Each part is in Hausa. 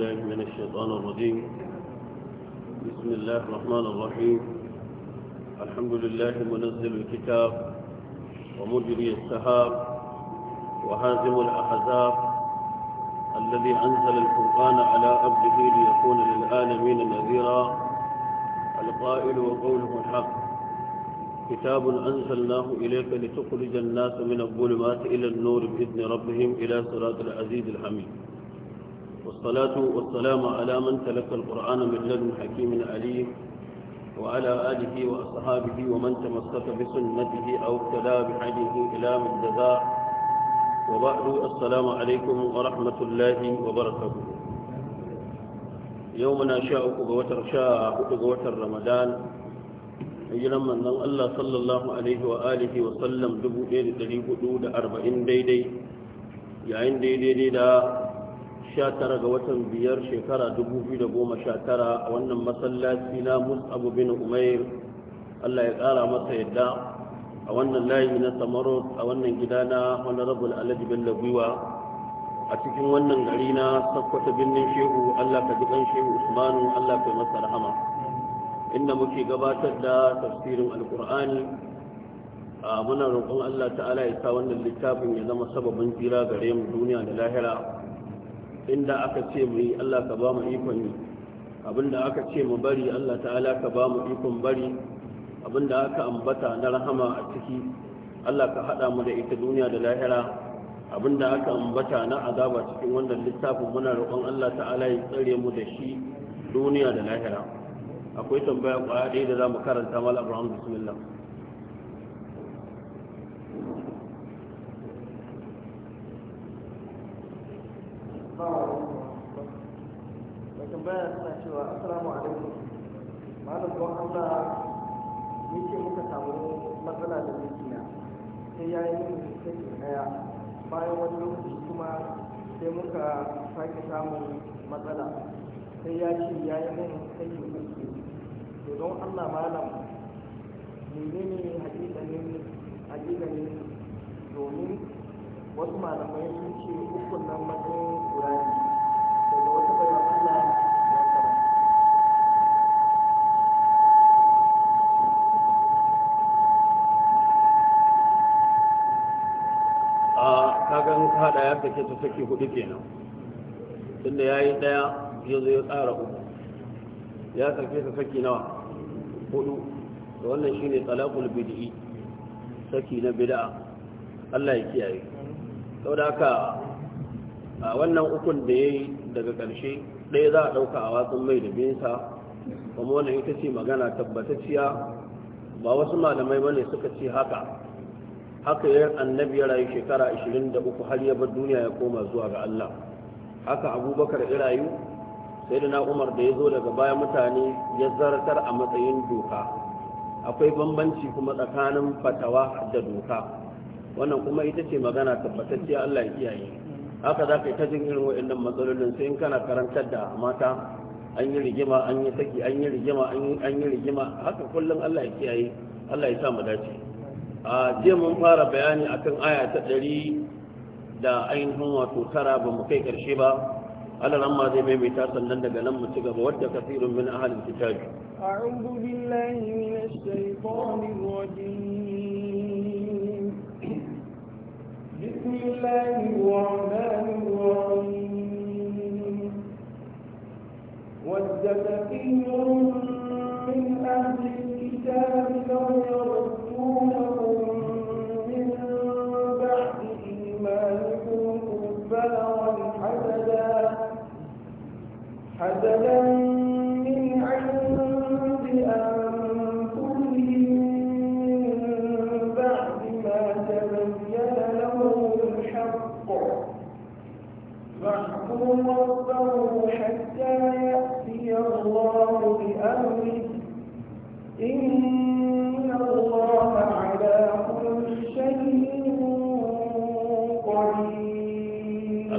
بالله من الشيطان الرجيم بسم الله الرحمن الرحيم الحمد لله منزل الكتاب ومجري السحاب وهازم الأحزاب الذي أنزل الفرقان على عبده ليكون للعالمين نذيرا القائل وقوله الحق كتاب أنزلناه إليك لتخرج الناس من الظلمات إلى النور بإذن ربهم إلى صراط العزيز الحميد والصلاة والسلام على من تلقى القرآن من لدن حكيم عليم وعلى آله وأصحابه ومن تمسك بسنته أو ابتدى بحديه إلى مجدزاء وبعد السلام عليكم ورحمة الله وبركاته يومنا شاء قوة شاء قوة رمضان hijiran manzon Allah sallallahu alaihi wa alihi wa sallam 1440 daidai yayin daidai da 19 ga watan biyar shekara 2019 a wannan masallaci na musabu bin umair Allah ya ƙara masa yadda a wannan layi na samarot a wannan gida na honorable alhaji bello a cikin wannan gari na sakkwata birnin shehu Allah ka ji ɗan shehu usmanu Allah ka yi masa rahama inda muke gabatar da tafsirin alkur'ani a muna roƙon Allah ta'ala ya sa wannan littafin ya zama sababin jira gare mu duniya da lahira inda aka ce mu yi Allah ka ba mu ikon yi abinda aka ce mu bari Allah ta'ala ka ba mu ikon bari abinda aka ambata na rahama a ciki Allah ka haɗa mu da ita duniya da lahira abinda aka ambata na azaba cikin wanda littafin muna roƙon Allah ta'ala ya tsare mu da shi duniya da lahira akwai tambaya ƙwaya ɗaya da za mu karanta mal abraham bismillah cewa asalamu alaikum malam don Allah ya ce muka samu matsala da mijina sai ya yi min sake daya bayan wani lokaci kuma sai muka sake samun matsala sai ya ce ya yi min sake uku to don Allah malam menene hakikanin hakikanin domin wasu malamai sun ce ukun nan matsayin kurani kaga in hada ya kace ta saki hudu kenan tunda yayi ɗaya ya zo ya tsara uku ya sake ta saki nawa hudu to wannan shine talaqul bid'i saki na bid'a Allah ya kiyaye saboda haka a wannan ukun da yayi daga ƙarshe ɗaya za a ɗauka a wasan mai da binsa kuma wannan ita ce magana tabbatacciya ba wasu malamai bane suka ce haka haka ya annabi ya rayu shekara 23 har ya bar duniya ya koma zuwa ga Allah haka abubakar ya rayu sai da na umar da ya zo daga baya mutane ya zartar a matsayin doka akwai bambanci kuma tsakanin fatawa da doka wannan kuma ita ce magana tabbatacciya Allah ya kiyaye haka za ka yi ta jin irin waɗannan matsalolin sai in kana karantar da mata an yi rigima an yi saki an yi rigima an yi rigima haka kullum Allah ya kiyaye Allah ya sa mu dace a jiya mun fara bayani akan aya ta ɗari da ainihin wato tara ba mu kai ƙarshe ba alaran ma zai maimaita sannan daga nan mu ci gaba wadda kasirun min ahalin kitabi أعوذ بالله من الشيطان الرجيم بسم الله الرحمن الرحيم ود كثير من أهل الكتاب لو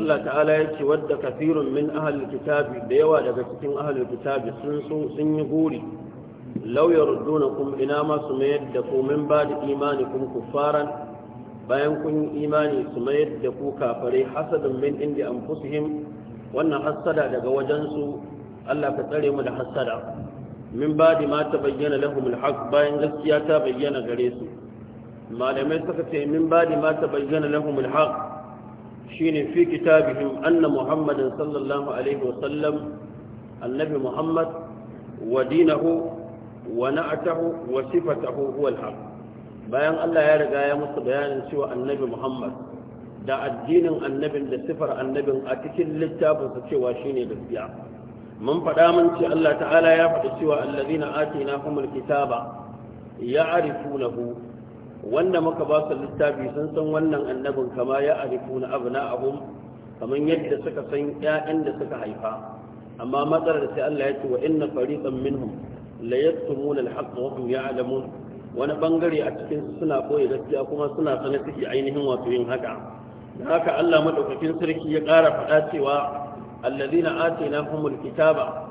Allah ta'ala ya ce wadda kafirun min ahalin kitabi da yawa daga cikin ahalin kitabi sun so sun yi guri lauyar duna kuma ina ma su mayar da ku min ba da imani kuma kuffaran bayan kun yi imani su mayar da ku kafare hasadun min inda an fusihim wannan hasada daga wajensu Allah ka tsare mu da hasada min ba da ma ta bayyana lahumul haq bayan gaskiya ta bayyana gare su malamai suka ce min ba da ma ta bayyana lahumul haq shine fi kitabihim anna muhammadin sallallahu alaihi wasallam annabi muhammad wa dinahu wa na'atahu wa sifatahu huwa al-haq bayan Allah ya riga ya musu bayanin cewa annabi muhammad da addinin annabin da sifar annabin a cikin littafin su cewa shine gaskiya mun faɗa mun ce Allah ta'ala ya faɗi cewa allazina atina humul kitaba ya'rifunahu wanda muka ba su littafi sun san wannan annabin kama ya arifu na abu na abu kamar yadda suka san ƴaƴan da suka haifa amma matsalar sai Allah ya ce wa inna fariqan minhum la yaktumuna al-haqq wa hum ya'lamun wani bangare a cikin su suna koyi gaskiya kuma suna sane suke ainihin wato yin haka Da haka Allah madaukakin sarki ya ƙara faɗa cewa alladhina atainahumul kitaba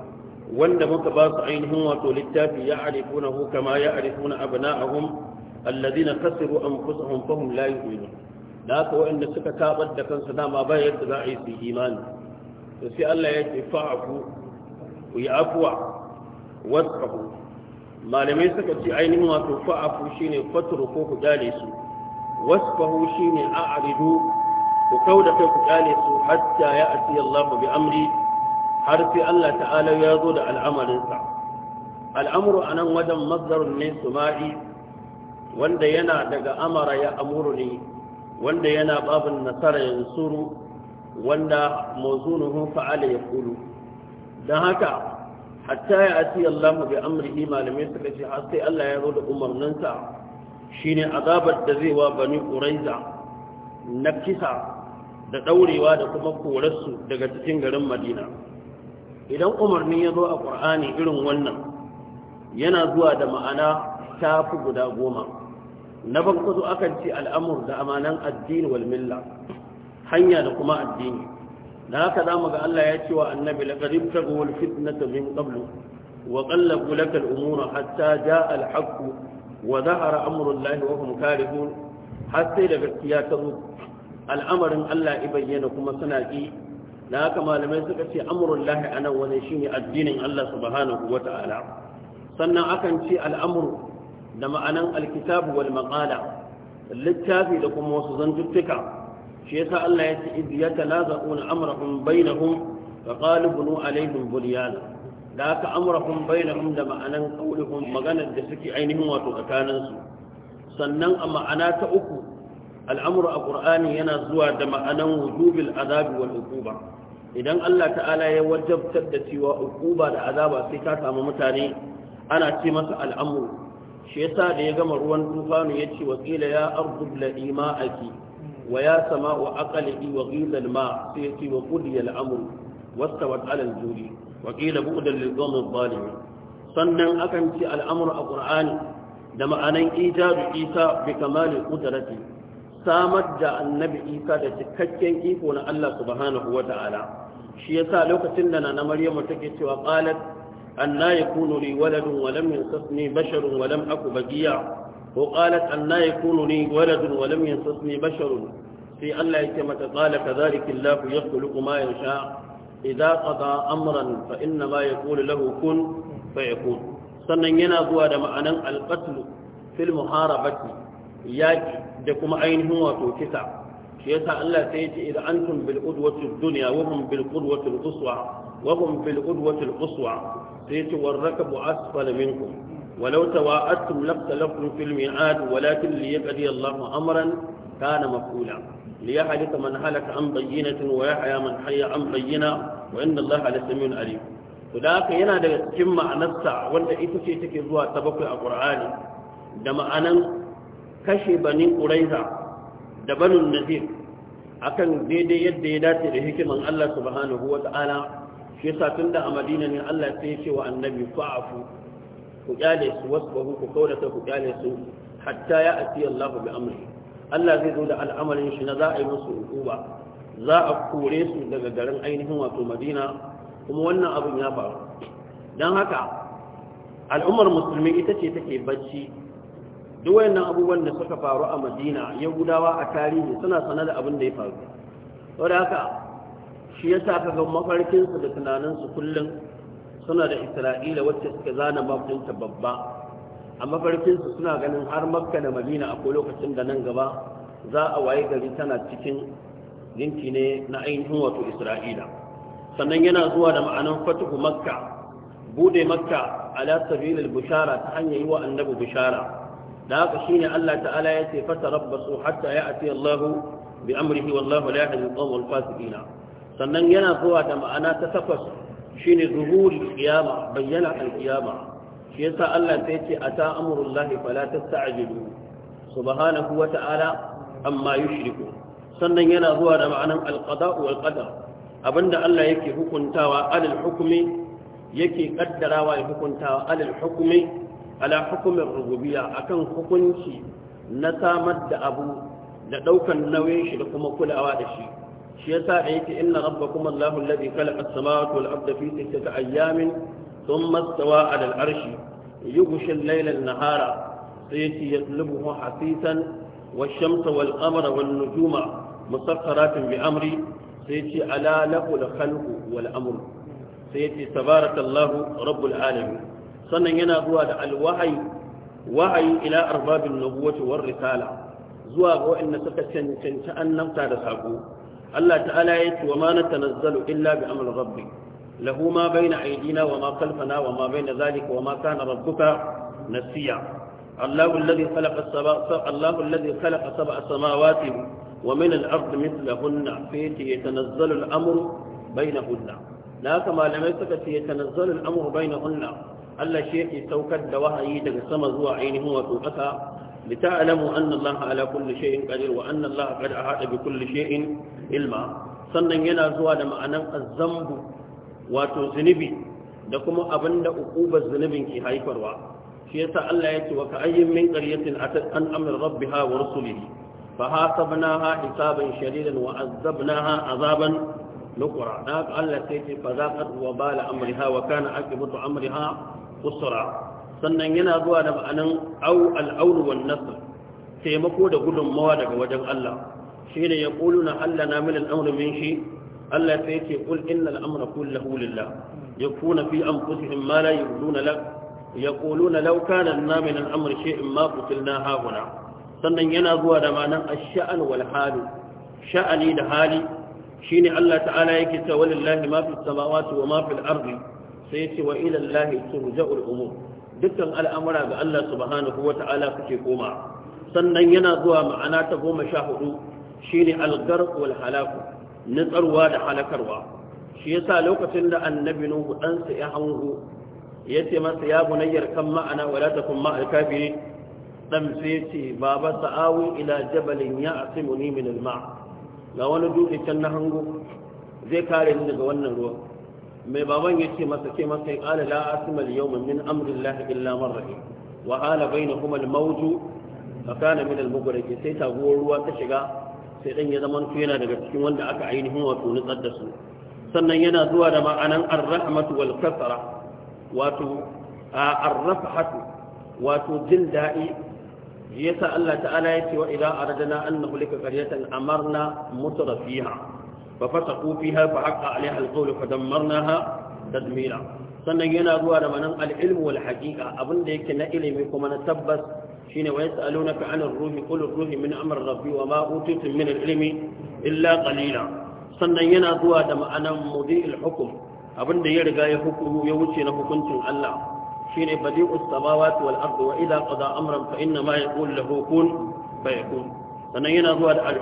wanda muka ba su ainihin wato littafi ya arifuna hu kama ya arifuna abna'ahum alladhina khasiru anfusahum fahum la yu'minun da haka wa'anda suka tabar da kansu dama ba yadda za a yi su imani to sai Allah ya ce fa'afu ku yi afwa wasfahu malamai suka ce ainihin wato fa'afu shine fatru ko ku dale su wasfahu shine a'ridu ku kauda kai ku dale su ya Allah bi amri har sai Allah ta'ala ya zo da al'amarinsa al'amru anan wajen mazdarun ne suma'i wanda yana daga amara ya amuru ne wanda yana babin nasara suru wanda mawzunuhu fa'ala yaqulu dan haka hatta ya ati Allah bi amurki malamai suka ce har sai Allah ya zo da umarninsa shine azabar da zai wa bani ƙuraiza na kisa da ɗaurewa da kuma korarsu daga cikin garin Madina idan umarni ya zo a ƙur'ani irin wannan yana zuwa da ma'ana tafi guda goma na banko zo akan ci al'amur da amanan addini walmilla. milla hanya da kuma addini da haka mu ga Allah ya ce wa annabi laqad ibtagu wal fitnata min qablu wa qallabu laka al umura hatta jaa al wa zahara amurin lahi wa hum karihun har sai da gaskiya ta zo al'amarin Allah ya bayyana kuma suna ki da haka malamai suka ce amurin lahi anan wani ne addinin Allah subhanahu ta'ala. sannan akan ce al'amru da ma'anan alkitabu wal maqala littafi da kuma wasu zantuttuka shi yasa Allah ya ce idh yatanaza'una amrahum bainahum fa qalu bunu alaihim bunyana da aka amrahum bainahum da ma'anan qauluhum magana da suke ainihin wato tsakanin su sannan a ma'ana ta uku al'amru a qur'ani yana zuwa da ma'anan wujubil azabi wal uquba idan Allah ta'ala ya wajabtar da cewa uquba da azaba sai ta samu mutane ana ce masa al'amru shi yasa da ya gama ruwan tufanu ya ce wakila ya ardu bladi ma'aki wa ya sama wa aqalihi wa ghizal ma sai ya yace wa qudiya al'amru wastawat ala al-juri wa qila bu'dan lil qawmi sannan akan ce al'amru a qur'ani da ma'anan ijabu isa bi kamali qudrati samar da annabi isa da cikakken iko na Allah subhanahu wa ta'ala shi yasa lokacin da na Maryamu take cewa qalat أنا يكون لي ولد ولم ينصفني بشر ولم أك بقيا وقالت أنا يكون لي ولد ولم ينصفني بشر في الله كما قال كذلك الله يخلق ما يشاء إذا قضى أمرا فإنما يقول له كن فيكون sannan yana zuwa da ma'anan alƙatlu fil muharabati yaƙi da kuma ainihin wato kisa shi yasa Allah sai ya ce idan antum dunya wa uswa wa hum fil udwati al uswa sai ce warrakabu asfal minkum walau tawa'attum laqtalakum fil mi'ad walakin liyaqdi Allahu amran من هلك عن بينة ويحيى من حي عن بينة وإن الله لسميع عليم فذاك yana daga cikin ma'anarsa wanda ita ce take zuwa ta bakwai a Qur'ani da ma'anan kashe bani Quraiza da banin Nadir akan daidai yadda ya dace da hikiman Allah subhanahu shi yasa da a madina ne Allah sai ya ce wa annabi fa'afu ku kyale su wasu wasbahu ku kaurata ku kyale su hatta ya ati Allahu bi amri Allah zai zo da al'amarin shi na za a yi musu hukuma za a kore su daga garin ainihin wato madina kuma wannan abin ya faru don haka al'ummar musulmi ita ce take bacci duk wayannan abubuwan da suka faru a madina yahudawa a tarihi suna sanar da abin da ya faru saboda haka shi yasa ka ga mafarkinsu da tunaninsu kullum suna da isra'ila wacce suka zana mafinta babba a mafarkinsu suna ganin har makka da madina akwai lokacin da nan gaba za a waye gari tana cikin yanki ne na ainihin wato isra'ila sannan yana zuwa da ma'anar fatihu makka bude makka ala sabilil bushara ta hanyar yi wa annabi bushara da haka shine Allah ta'ala ya ce rabbasu hatta ya'ti Allahu bi amrihi wallahu la yahdi al-qawm al-fasiqina sannan yana zuwa da ma'ana ta takwas shine zuhuri kiyama bayyana alkiyama shi yasa Allah sai ce ata amrullahi fala tasta'jilu subhanahu wa ta'ala amma yushriku sannan yana zuwa da ma'anan alqada'u wal qadar abinda Allah yake hukuntawa alal hukmi yake kaddarawa ya hukuntawa alal hukmi ala hukumin rububiyya akan hukunci na samar da abu da daukan nauyin shi da kuma kulawa da shi shi yasa da yake inna rabbakum Allahu alladhi khalaqa as-samawati wal arda fi sittati ayyamin thumma istawa 'ala al-'arshi yughshi al-layla an-nahara sayati yatlubuhu hasisan wash-shamsa wal-qamara wan-nujuma musakhkharatin bi amri sayati ala lahu al-khalqu wal-amru sayati tabarakallahu rabbul alamin sannan yana zuwa da al-wahyi wa'ayi ila arbabin nubuwati war risala zuwa ga wa'anda suka cancanci annabta da sako Allah ta'ala ya ce wa ma na tanazzalu illa bi amri rabbi lahu ma baina aydina wa ma khalfana wa ma baina zalika wa ma kana rabbuka nasiya Allahu alladhi khalaqa as-samawati Allahu alladhi khalaqa sab'a samawati wa min al-ardi mithlahunna fa yatanazzalu al-amru bainahunna la kama lam yatakati yatanazzalu al-amru bainahunna Allah shi yake saukar da wahayi daga sama zuwa ainihin wato kasa لتعلموا أن الله على كل شيء قدير وأن الله قد أحاط بكل شيء علما sannan yana zuwa da ma'anan azzambu wato zunubi da kuma abin da ukubar zunubin ke haifarwa shi yasa Allah yake wa ka'ayyin min qaryatin atat an amr rabbiha wa rusulihi fa hasabnaha hisaban shadidan wa azabnaha azaban nukra da Allah sai ce fa zaqat wa bala amriha wa kana aqibatu amriha usra sannan yana zuwa da ma'anin au al'aunu wan nasr taimako da gudunmawa daga wajen Allah shine ya na Allah na min al'amru min shi Allah sai yake qul innal amra kulluhu lillah yakuna fi anfusihim ma la yurduna lak yaquluna law kana lana min al'amri shay'un ma qutilna hauna sannan yana zuwa da ma'anin ash-sha'n wal halu sha'ani da hali shine Allah ta'ala yake cewa lillahi ma fi samawati wa ma fil ardi sai yace wa ila Allah turja'ul umur dukkan al'amura ga Allah subhanahu wa ta'ala kuke koma sannan yana zuwa ma'ana ta goma sha hudu shi ne algar halaku nutsarwa da halakarwa shi yasa lokacin da annabi nuhu ɗansa ya hangu ya ce masa ya bunayyar kan ma'ana wala ta kun ma'al kafiri ɗan sai ce baba sa'awi ila jabalin ya asimuni min ga wani dutse can na hango zai kare ni daga wannan ruwan mai baban ya ce masa ce masa ya la asimal yau min amrin lahi illa marrahi wa hala bai na kuma mawuju a kana min almugurake sai taguwar ruwa ta shiga sai ɗan ya zama yana daga cikin wanda aka ainihin wato nutsar da su sannan yana zuwa da ma'anan arrahmatu wal kasara wato arrafahatu wato jin daɗi yasa Allah ta'ala ya ce wa idza aradna an nuhlika qaryatan amarna mutrafiha ففسقوا فيها فحق عليها القول فدمرناها تدميرا sannan yana zuwa da manan al'ilmu wal haƙiƙa abinda yake na ilimi kuma na tabbas shine wa yas'alu na fi'anar ruhi qul ruhi min amr rabbi wa ma utitum min al-ilmi illa ƙalila. sannan yana zuwa da ma'anan mudi'il hukm abinda ya riga ya hukumu ya wuce na hukuncin Allah shine badi'us samawati wal ardu. wa idha qada amran fa inna ma yaqulu lahu kun fayakun sannan yana zuwa da al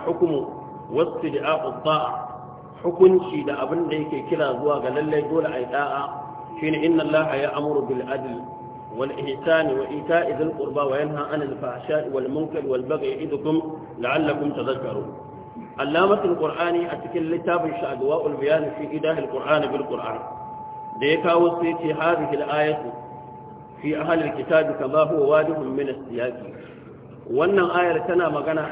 wasu da'a'u ta'a hukunci da abin da yake kira zuwa ga lallai dole a yi ɗa'a. shi shine inna allah ya amuru bil adl wal ihsani wa ita'i dhil qurba wa yanha 'anil fahsha'i wal munkari wal baghi ya'idukum la'allakum tadhakkarun allamatul qur'ani a cikin littafin sha'dwa'ul bayan fi idahil qur'ani bil qur'an da ya kawo sai ce hadhihi al ayatu fi ahlil kitabi kama huwa wadihun min as-siyaqi wannan ayar tana magana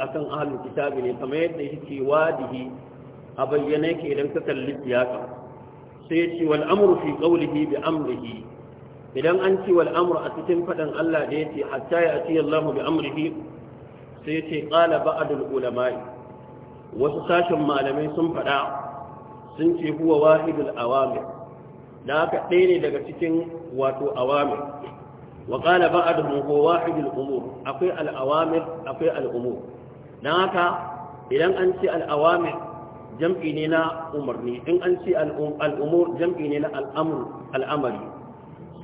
akan ahlul kitabi ne kamar yadda yake wadihi a bayyana yake idan ka kalli siyasa sai ya ce wal fi qawlihi bi amrihi idan an ci wal a cikin fadan Allah da yace hatta ya ati Allahu bi amrihi sai ya ce qala ba'dul ulama'i wasu sashin malamai sun fada sun ce huwa wahidul awamir da haka ɗaya ne daga cikin wato awamir wa qala ba'dhum huwa wahidul umur akwai al awamir akwai al umur dan haka idan an ce al awamir jam'i ne na umarni in an ce al'umur jam'i ne na al'amari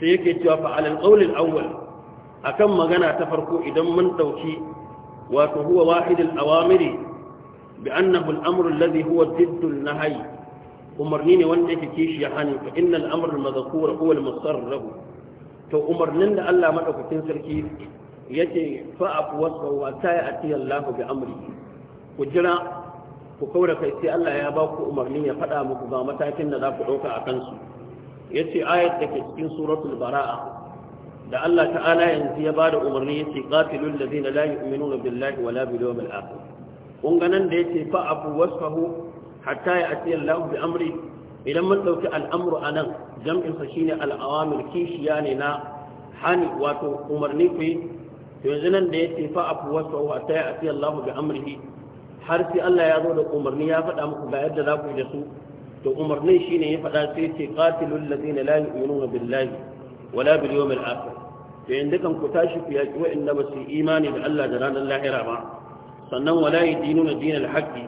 sai yake cewa fa'alal ƙaunin awwal akan magana ta farko idan mun ɗauki wato huwa wahidul awamiri bi annahu al'amru alladhi huwa diddul nahyi umarni ne wanda yake kishi ya hani fa innal amru al huwa al to umarnin da Allah madaukakin sarki yake fa'af wasfa wa ta'ati Allah bi amri ku jira ku kaura kai sai Allah ya ba ku umarni ya faɗa muku ga matakin da za ku ɗauka a kansu ya ce ayat da ke cikin suratul bara'a da Allah ta'ala yanzu ya ba da umarni ya ce qatilul ladina la yu'minuna billahi wala bil yawmil akhir kun ga nan da yace fa abu wasfahu hatta ya ati Allah bi amri idan mun dauki al'amru anan jam'in sa shine al'awamir kishiya ne na hani wato umarni ku to yanzu nan da yace fa abu wasfahu hatta ya ati Allah bi amrihi har sai Allah ya zo da umarni ya faɗa muku ga yadda za ku yi da su to umarnin shine ya faɗa sai ce qatilul ladina la yu'minuna billahi wala bil yawmil akhir to yanzu kan ku tashi ku yaki wa'anda ba su imani da Allah da ranar lahira ba sannan wala yadinuna dinal haqqi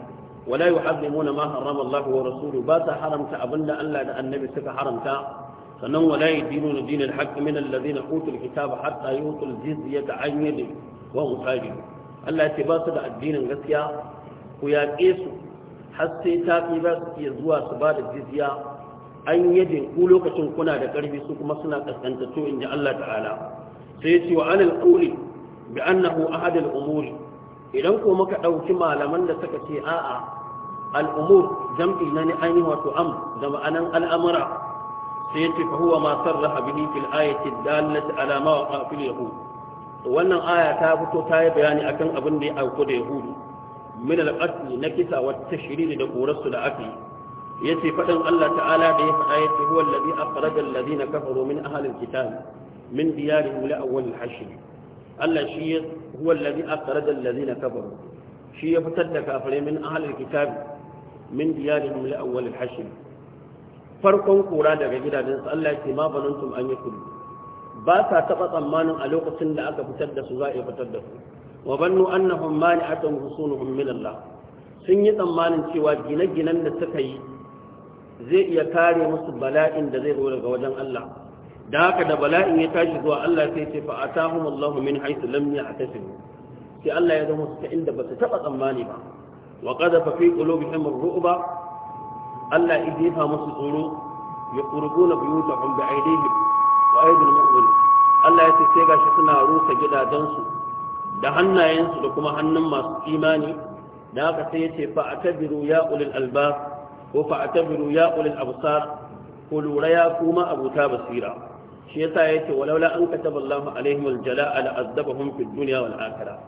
wala yuharrimuna ma harrama Allah wa rasuluhu ba ta haramta abinda Allah da annabi suka haramta sannan wala yadinuna dinal haqqi min alladhina utul kitaba hatta yutul jizyata an yadi wa hum Allah ya ce ba su da addinin gaskiya ku yaƙe su har sai ta fi su iya zuwa su ba da jizya an yadda ku lokacin kuna da ƙarfi su kuma suna to in ji Allah ta'ala sai ce wa anil ƙuli bi annahu ahadul umuri idan ko muka ɗauki malaman da suka ce a'a al'umur jam'i na ni ainihi wato am da ma'anan al'amura sai ce fa huwa ma sarraha bihi fil ayati dallati ala ma waqa fil yahud wannan aya ta fito ta yi bayani akan abin da ya auku da yahudu min al na kisa wa tashriri da korarsu da aka yi ya ce faɗin Allah ta'ala da ya faɗa ya yace huwa a akhraja allazina kafaru min ahli al kitabi min diyarihim la a al-hashr Allah shi ya huwa allazi akhraja allazina kafaru shi ya fitar da kafirai min ahli al-kitab min diyarihim la a al-hashr farkon kora daga gidajensu Allah ce ma banantum an yi kudu ba sa taɓa tsammanin a lokacin da aka fitar da su za a fitar da su wa bannu annahum mani'atun husunuhum min Allah sun yi tsammanin cewa gine-ginen da suka yi zai iya kare musu bala'in da zai zo daga wajen Allah da haka da bala'in ya tashi zuwa Allah sai ce fa atahum Allah min haythu lam ya'tasibu sai Allah ya zama su ta inda ba su taba tsammani ba wa qadafa fi qulubihim ar-ru'ba Allah ya jefa musu tsoro ya qurbuna buyutahum bi aydihim wa aydil mu'minin Allah ya ce sai gashi suna rusa gidajen su. da hannayensu da kuma hannun masu imani da haka sai yace fa atabiru ya ulil albab ko fa atabiru ya ulil absar ko lura ya kuma abuta basira shi yasa yace walaula an kataba Allahu alaihim aljala'a la azabahum fid dunya wal akhirah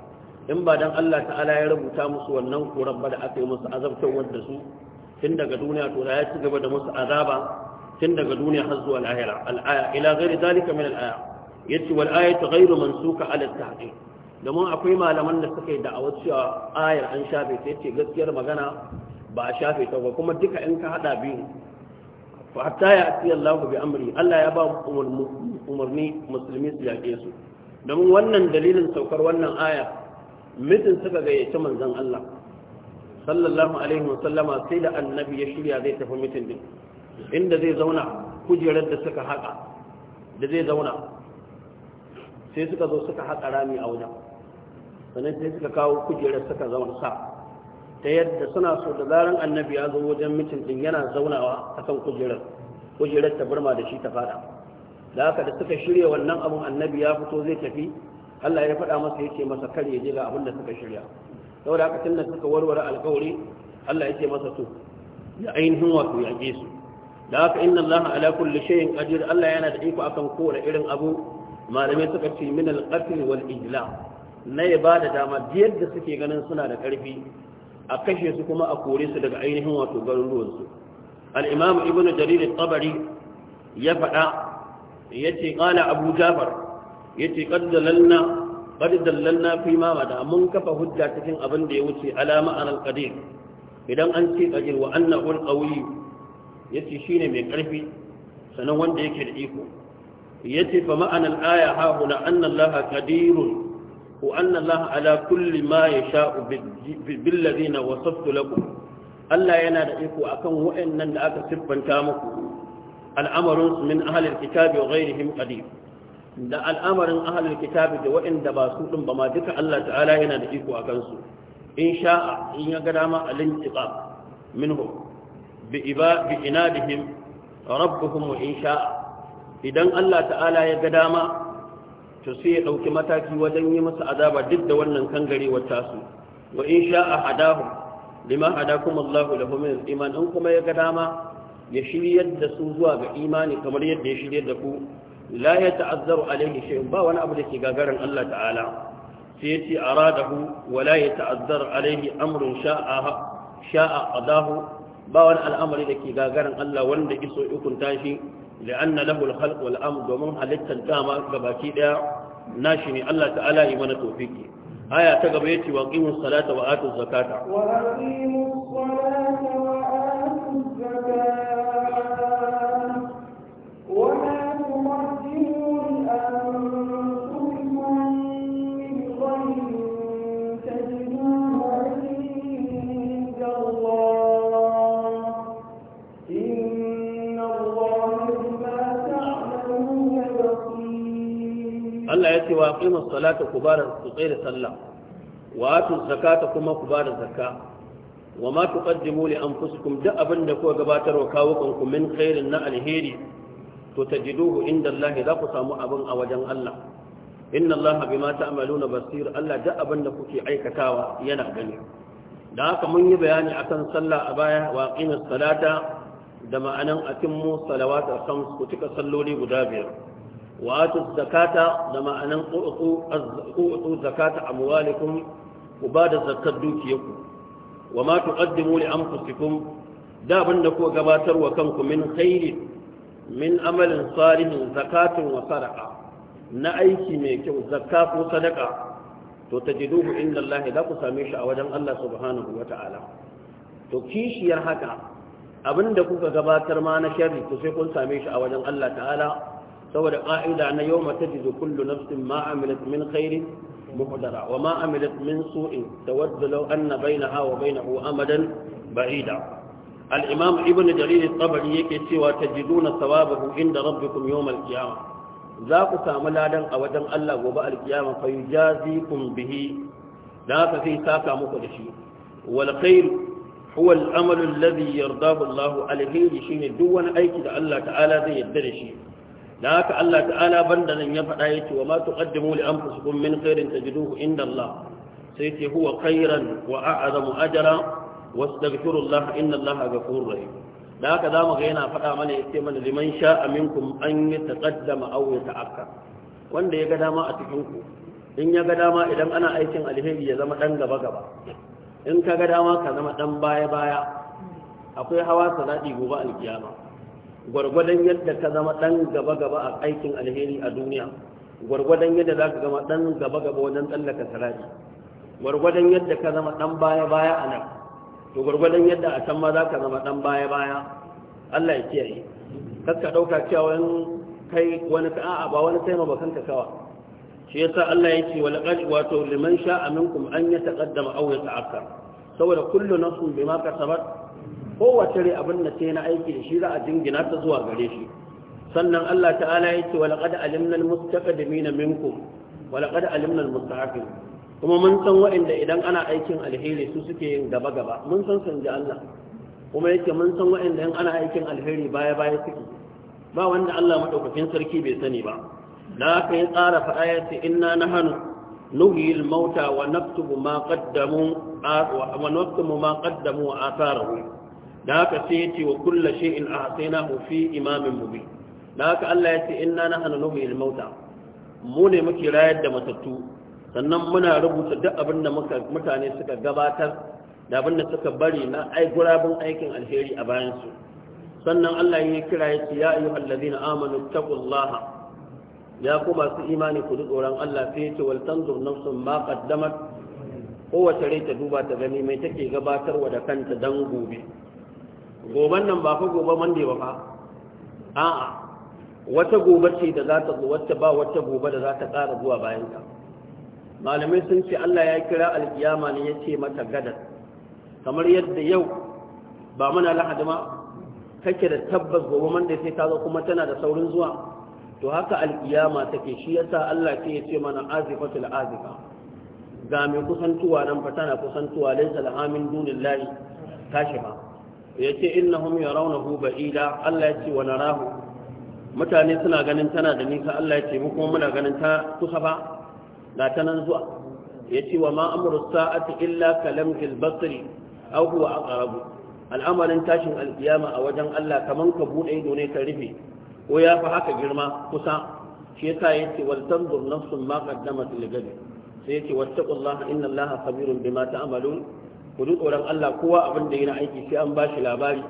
in ba dan Allah ta'ala ya rubuta musu wannan koran ba da aka yi musu azabtarwar da su tun daga duniya to da ya ci gaba da musu azaba tun daga duniya har zuwa lahira al-aya ila ghairi zalika min al-aya yace wal ayatu ghairu mansuka ala at-tahqiq domin akwai malaman da suka yi da'awar cewa ayar an shafe ta ce gaskiyar magana ba a shafe ta ba kuma duka in ka hada biyu hatta ya asiya Allah bi amri Allah ya ba umarni musulmi su yaƙe su domin wannan dalilin saukar wannan aya mutum suka gayyaci manzon Allah sallallahu alaihi wa sallama sai da annabi ya shirya zai tafi mutum din inda zai zauna kujerar da suka haƙa da zai zauna sai suka zo suka haƙa rami a wajen sannan sai suka kawo kujerar suka zauna sa ta yadda suna so da zaran annabi ya zo wajen mutum din yana zaunawa akan kujerar kujerar ta burma da shi ta fada da haka da suka shirya wannan abun annabi ya fito zai tafi Allah ya faɗa masa yake masa kar ya je ga abin da suka shirya da aka tunda suka warware alƙawari Allah ce masa to ya ainihin wato ya ge su da haka inna Allah ala kulli shay'in qadir Allah yana da iko akan kowane irin abu malamai suka ce min al-qatl wal ijla' na ya ba da dama da suke ganin suna da ƙarfi a kashe su kuma a kore su daga ainihin wato garuruwansu al'imamu ibn jarir tabari ya faɗa ya ce ƙala abu jafar ya ce ƙaddalalna fi mama da mun kafa hujja cikin abin da ya wuce alama nan ƙadir idan an ce ƙadir wa an na'ul ƙauyi ya ce shi ne mai ƙarfi sannan wanda yake da iko ya ce fa ma'anar aya hahu na annan laha ƙadirun وأن الله على كل ما يشاء بالذين وصفت لكم الله ينادئك أكم وإن أنك سبا تامك الأمر من أهل الكتاب وغيرهم قدير da al'amarin ahalin kitabi da waɗanda ba su ɗin ba ma duka Allah ta'ala yana da iko a kansu in sha'a in ya ga dama alin Min minhu bi ina da inadihim rabbuhum wa in sha'a idan Allah ta'ala ya ga dama to sai ya ɗauki mataki wajen yi masa azaba duk da wannan kangarewar tasu wa in sha a hadahu lima hadakum Allahu lahu min iman in kuma ya ga dama ya shiryar da su zuwa ga imani kamar yadda ya shiryar da ku la ya ta'azzaru alaihi shay'un ba wani abu da ke gagarin Allah ta'ala sai ya ce aradahu wa la ya ta'azzaru alaihi amrun sha'a sha'a ba wani al'amari da ke gagarin Allah wanda iso hukunta shi لأن له الخلق والأمر ومن حلت الدامة قباكي دا ناشني الله تعالى يمن توفيكي آية تقبيتي وقيموا الصلاة وآتوا الزكاة وأقيموا الصلاة ya ce wa salata ku bada ku sallah wa atu zakata kuma ku bada zakka wa ma tuqaddimu li anfusikum da abinda kuka gabatar wa kawukan ku min khairin na alheri to tajiduhu inda Allah za ku samu abin a wajen Allah inna Allah bima ta'maluna basir Allah da abin da kuke aikatawa yana gani da haka mun yi bayani akan sallah a baya wa qimus salata da ma'anan atimmu salawata khams ku cika salloli guda biyar wa atu zakata da ma'anan ƙu'utu zakata amwalikum ku ba da zakar dukiyarku wa da abin da gabatar wa kanku min khairin min amalin salihin zakatun wa sadaqa na aiki mai kyau zakka ko sadaka to duhu inda Allah da ku same shi a wajen Allah subhanahu wa ta'ala to kishiyar haka abinda kuka gabatar ma na sharri to sai kun same shi a wajen Allah ta'ala saboda ƙa'ida na yau mata jizo kullu nafsin ma amilat min khairi muhdara wa ma min su'in bai na hawa bai na bainahu amadan ba'ida alimam ibn jarir at yake cewa ta tajiduna thawabahu inda rabbikum yawm al-qiyamah za ku samu ladan a wajen Allah gobe al-qiyamah fa yujazikum bihi da haka sai saka muku da shi wal khair huwa al-amalu alladhi shine duk wani aiki da Allah ta'ala zai yarda da shi da haka Allah ta'ala banda nan ya faɗa ya ce wa ma tuqaddimu li anfusikum min khairin tajiduhu inda Allah sai ce huwa khairan wa a'zamu ajra wastaghfirullah inna Allah ghafurur rahim da haka zamu ga yana faɗa mana yace mana liman sha'a minkum an yataqaddama aw yata'akkar wanda ya ga dama a cikin ku in ya ga dama idan ana aikin alheri ya zama dan gaba gaba in ka ga dama ka zama dan baya baya akwai hawa salati gobe alkiyama gwargwadon yadda ka zama ɗan gaba-gaba a aikin alheri a duniya gwargwadon yadda za ka zama ɗan gaba-gaba wajen tsallaka sarari gwargwadon yadda ka zama ɗan baya-baya a nan to gwargwadon yadda a can ma za ka zama ɗan baya-baya allah ya kiyaye kar ka ɗauka cewa kai wani a'a ba wani kai ma ba kanka kawa shi yasa Allah ya ce wani laqad wato liman sha'a minkum an yataqaddama aw yata'akkar saboda kullum kullu nafsin bima kasabat kowace rai abin da sai na aiki da shi za a jingina ta zuwa gare shi sannan Allah ta'ala ya ce walaqad alimna almustaqdimina minkum walaqad alimna almusta'afin kuma mun san wa'anda idan ana aikin alheri su suke yin gaba gaba mun san san ji Allah kuma ya ce mun san wa'anda in ana aikin alheri baya baya suke ba wanda Allah madaukakin sarki bai sani ba da aka yi tsara faɗa ya ce inna nahanu نهي الموتى ونكتب ما قدموا ونكتب ما قدموا آثاره da haka sai ya ce wa kulla shay'in ahsaynahu fi imamin mubi da haka Allah ya ce inna nahnu nuhyil mauta mu ne muke rayar da matattu sannan muna rubuta duk abin da mutane suka gabatar da abin da suka bari na ai gurabin aikin alheri a bayan su sannan Allah ya kira ya ce ya ayyuhal ladina amanu taqullaha ya ku masu imani ku duk tsoron Allah sai ya ce wal tanzur nafsun ma qaddamat kowace rai ta duba ta gani mai take gabatarwa da kanta dan gobe goban nan ba fa gobe mande ba fa a'a wata gobe ce da za ta zo ba wata gobe da za ta ƙara zuwa bayan malamai sun ce Allah ya kira alkiyama ne ya ce mata gadar kamar yadda yau ba muna lahadi ma kake da tabbas gobe mande sai ta zo kuma tana da saurin zuwa to haka alkiyama take shi yasa Allah ke ce mana azifatul azifa ga mai kusantuwa nan fa tana kusantuwa laysa lahamin dunillahi tashi ba ya ce yace innahum yarawnahu ba'ida Allah ya yace wa rahu mutane suna ganin tana da nisa Allah ya yace mu kuma muna ganin ta kusa ba ga ta nan zuwa yace wa ma amru sa'ati illa kalamhil basri aw a aqrabu al'amarin tashin alkiyama a wajen Allah kamar ka bude ido ne ka rufe ko ya fi haka girma kusa shi ya yasa yace wal tanzur nafsun ma qaddamat li gadi sai ya yace wattaqullaha inna Allaha khabirun bima ta'malun ku ji tsoron Allah kowa abin da yana aiki sai an ba shi labari